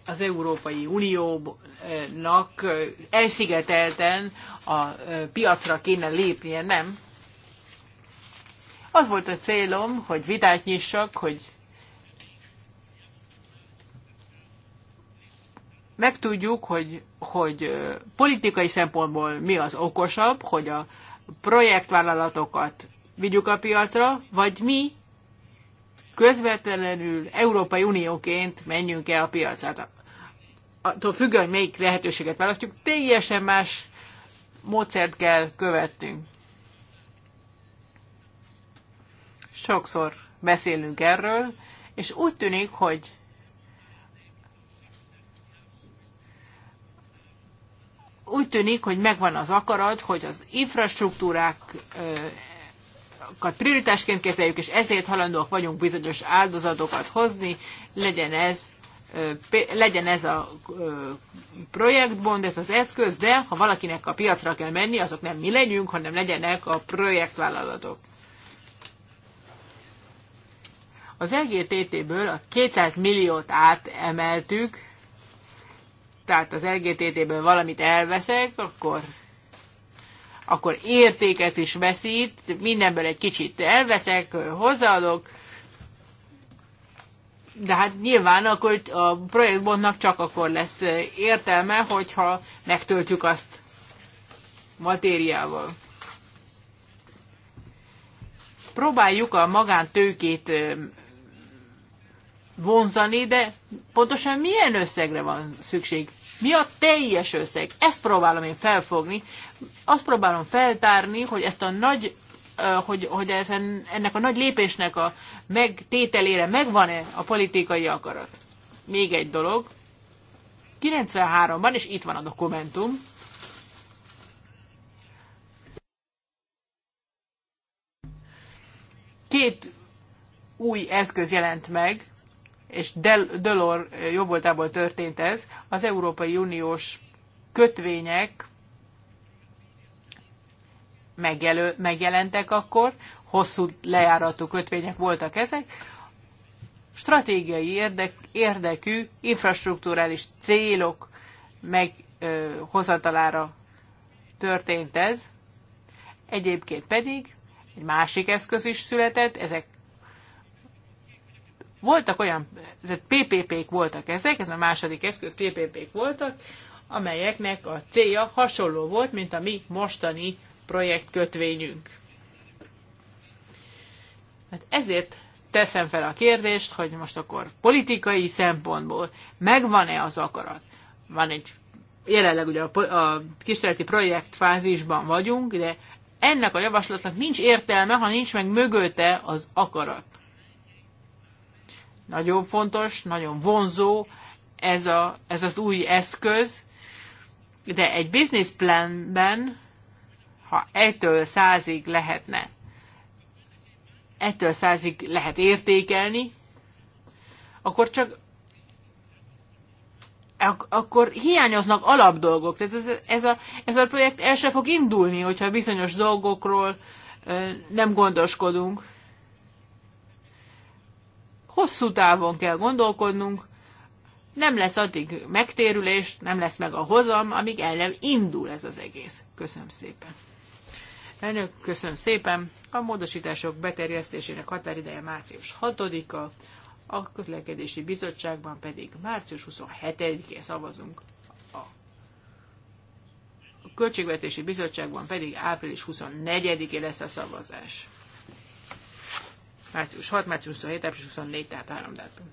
az Európai Uniónak elszigetelten a piacra kéne lépnie, nem. Az volt a célom, hogy vitát nyissak, hogy megtudjuk, hogy, hogy politikai szempontból mi az okosabb, hogy a projektvállalatokat vigyük a piacra, vagy mi közvetlenül Európai Unióként menjünk el a piacra. Attól függően, hogy melyik lehetőséget választjuk, teljesen más módszert kell követnünk. Sokszor beszélünk erről, és úgy tűnik, hogy úgy tűnik, hogy megvan az akarat, hogy az infrastruktúrákat prioritásként kezeljük, és ezért halandóak vagyunk bizonyos áldozatokat hozni, legyen ez legyen ez a projektbond, ez az eszköz, de ha valakinek a piacra kell menni, azok nem mi legyünk, hanem legyenek a projektvállalatok. Az LGTT-ből a 200 milliót átemeltük, tehát az LGTT-ből valamit elveszek, akkor akkor értéket is veszít, mindenből egy kicsit elveszek, hozzáadok, de hát nyilván akkor a projektbontnak csak akkor lesz értelme, hogyha megtöltjük azt matériával. Próbáljuk a magántőkét vonzani, de pontosan milyen összegre van szükség? Mi a teljes összeg? Ezt próbálom én felfogni. Azt próbálom feltárni, hogy ezt a nagy, hogy, hogy ezen, ennek a nagy lépésnek a megtételére megvan-e a politikai akarat. Még egy dolog. 93-ban, és itt van a dokumentum, két új eszköz jelent meg, és Del, Delor eh, jobboltából történt ez, az Európai Uniós kötvények megjelő, megjelentek akkor, hosszú lejáratú kötvények voltak ezek, stratégiai érdek, érdekű infrastruktúrális célok meghozatalára történt ez. Egyébként pedig egy másik eszköz is született, ezek voltak olyan, tehát PPP-k voltak ezek, ez a második eszköz, PPP-k voltak, amelyeknek a célja hasonló volt, mint a mi mostani projektkötvényünk. Hát ezért teszem fel a kérdést, hogy most akkor politikai szempontból megvan-e az akarat? Van egy, jelenleg ugye a, a kísérleti projekt fázisban vagyunk, de ennek a javaslatnak nincs értelme, ha nincs meg mögötte az akarat. Nagyon fontos, nagyon vonzó ez, a, ez az új eszköz, de egy business planben, ha egytől százig lehetne, egytől százig lehet értékelni, akkor csak ak- akkor hiányoznak alapdolgok. Tehát ez, ez, a, ez a projekt el se fog indulni, hogyha bizonyos dolgokról ö, nem gondoskodunk hosszú távon kell gondolkodnunk, nem lesz addig megtérülés, nem lesz meg a hozam, amíg el nem indul ez az egész. Köszönöm szépen. Elnök, köszönöm szépen. A módosítások beterjesztésének határideje március 6-a, a közlekedési bizottságban pedig március 27-én szavazunk. A költségvetési bizottságban pedig április 24-én lesz a szavazás március 6, március 27, április 24, tehát három dátum.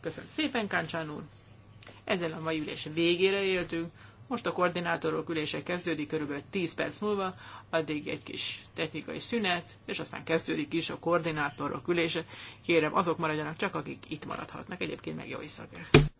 Köszönöm szépen, Káncsán úr! Ezzel a mai ülés végére éltünk. most a koordinátorok ülése kezdődik körülbelül 10 perc múlva, addig egy kis technikai szünet, és aztán kezdődik is a koordinátorok ülése. Kérem, azok maradjanak csak, akik itt maradhatnak. Egyébként meg jó éjszakát!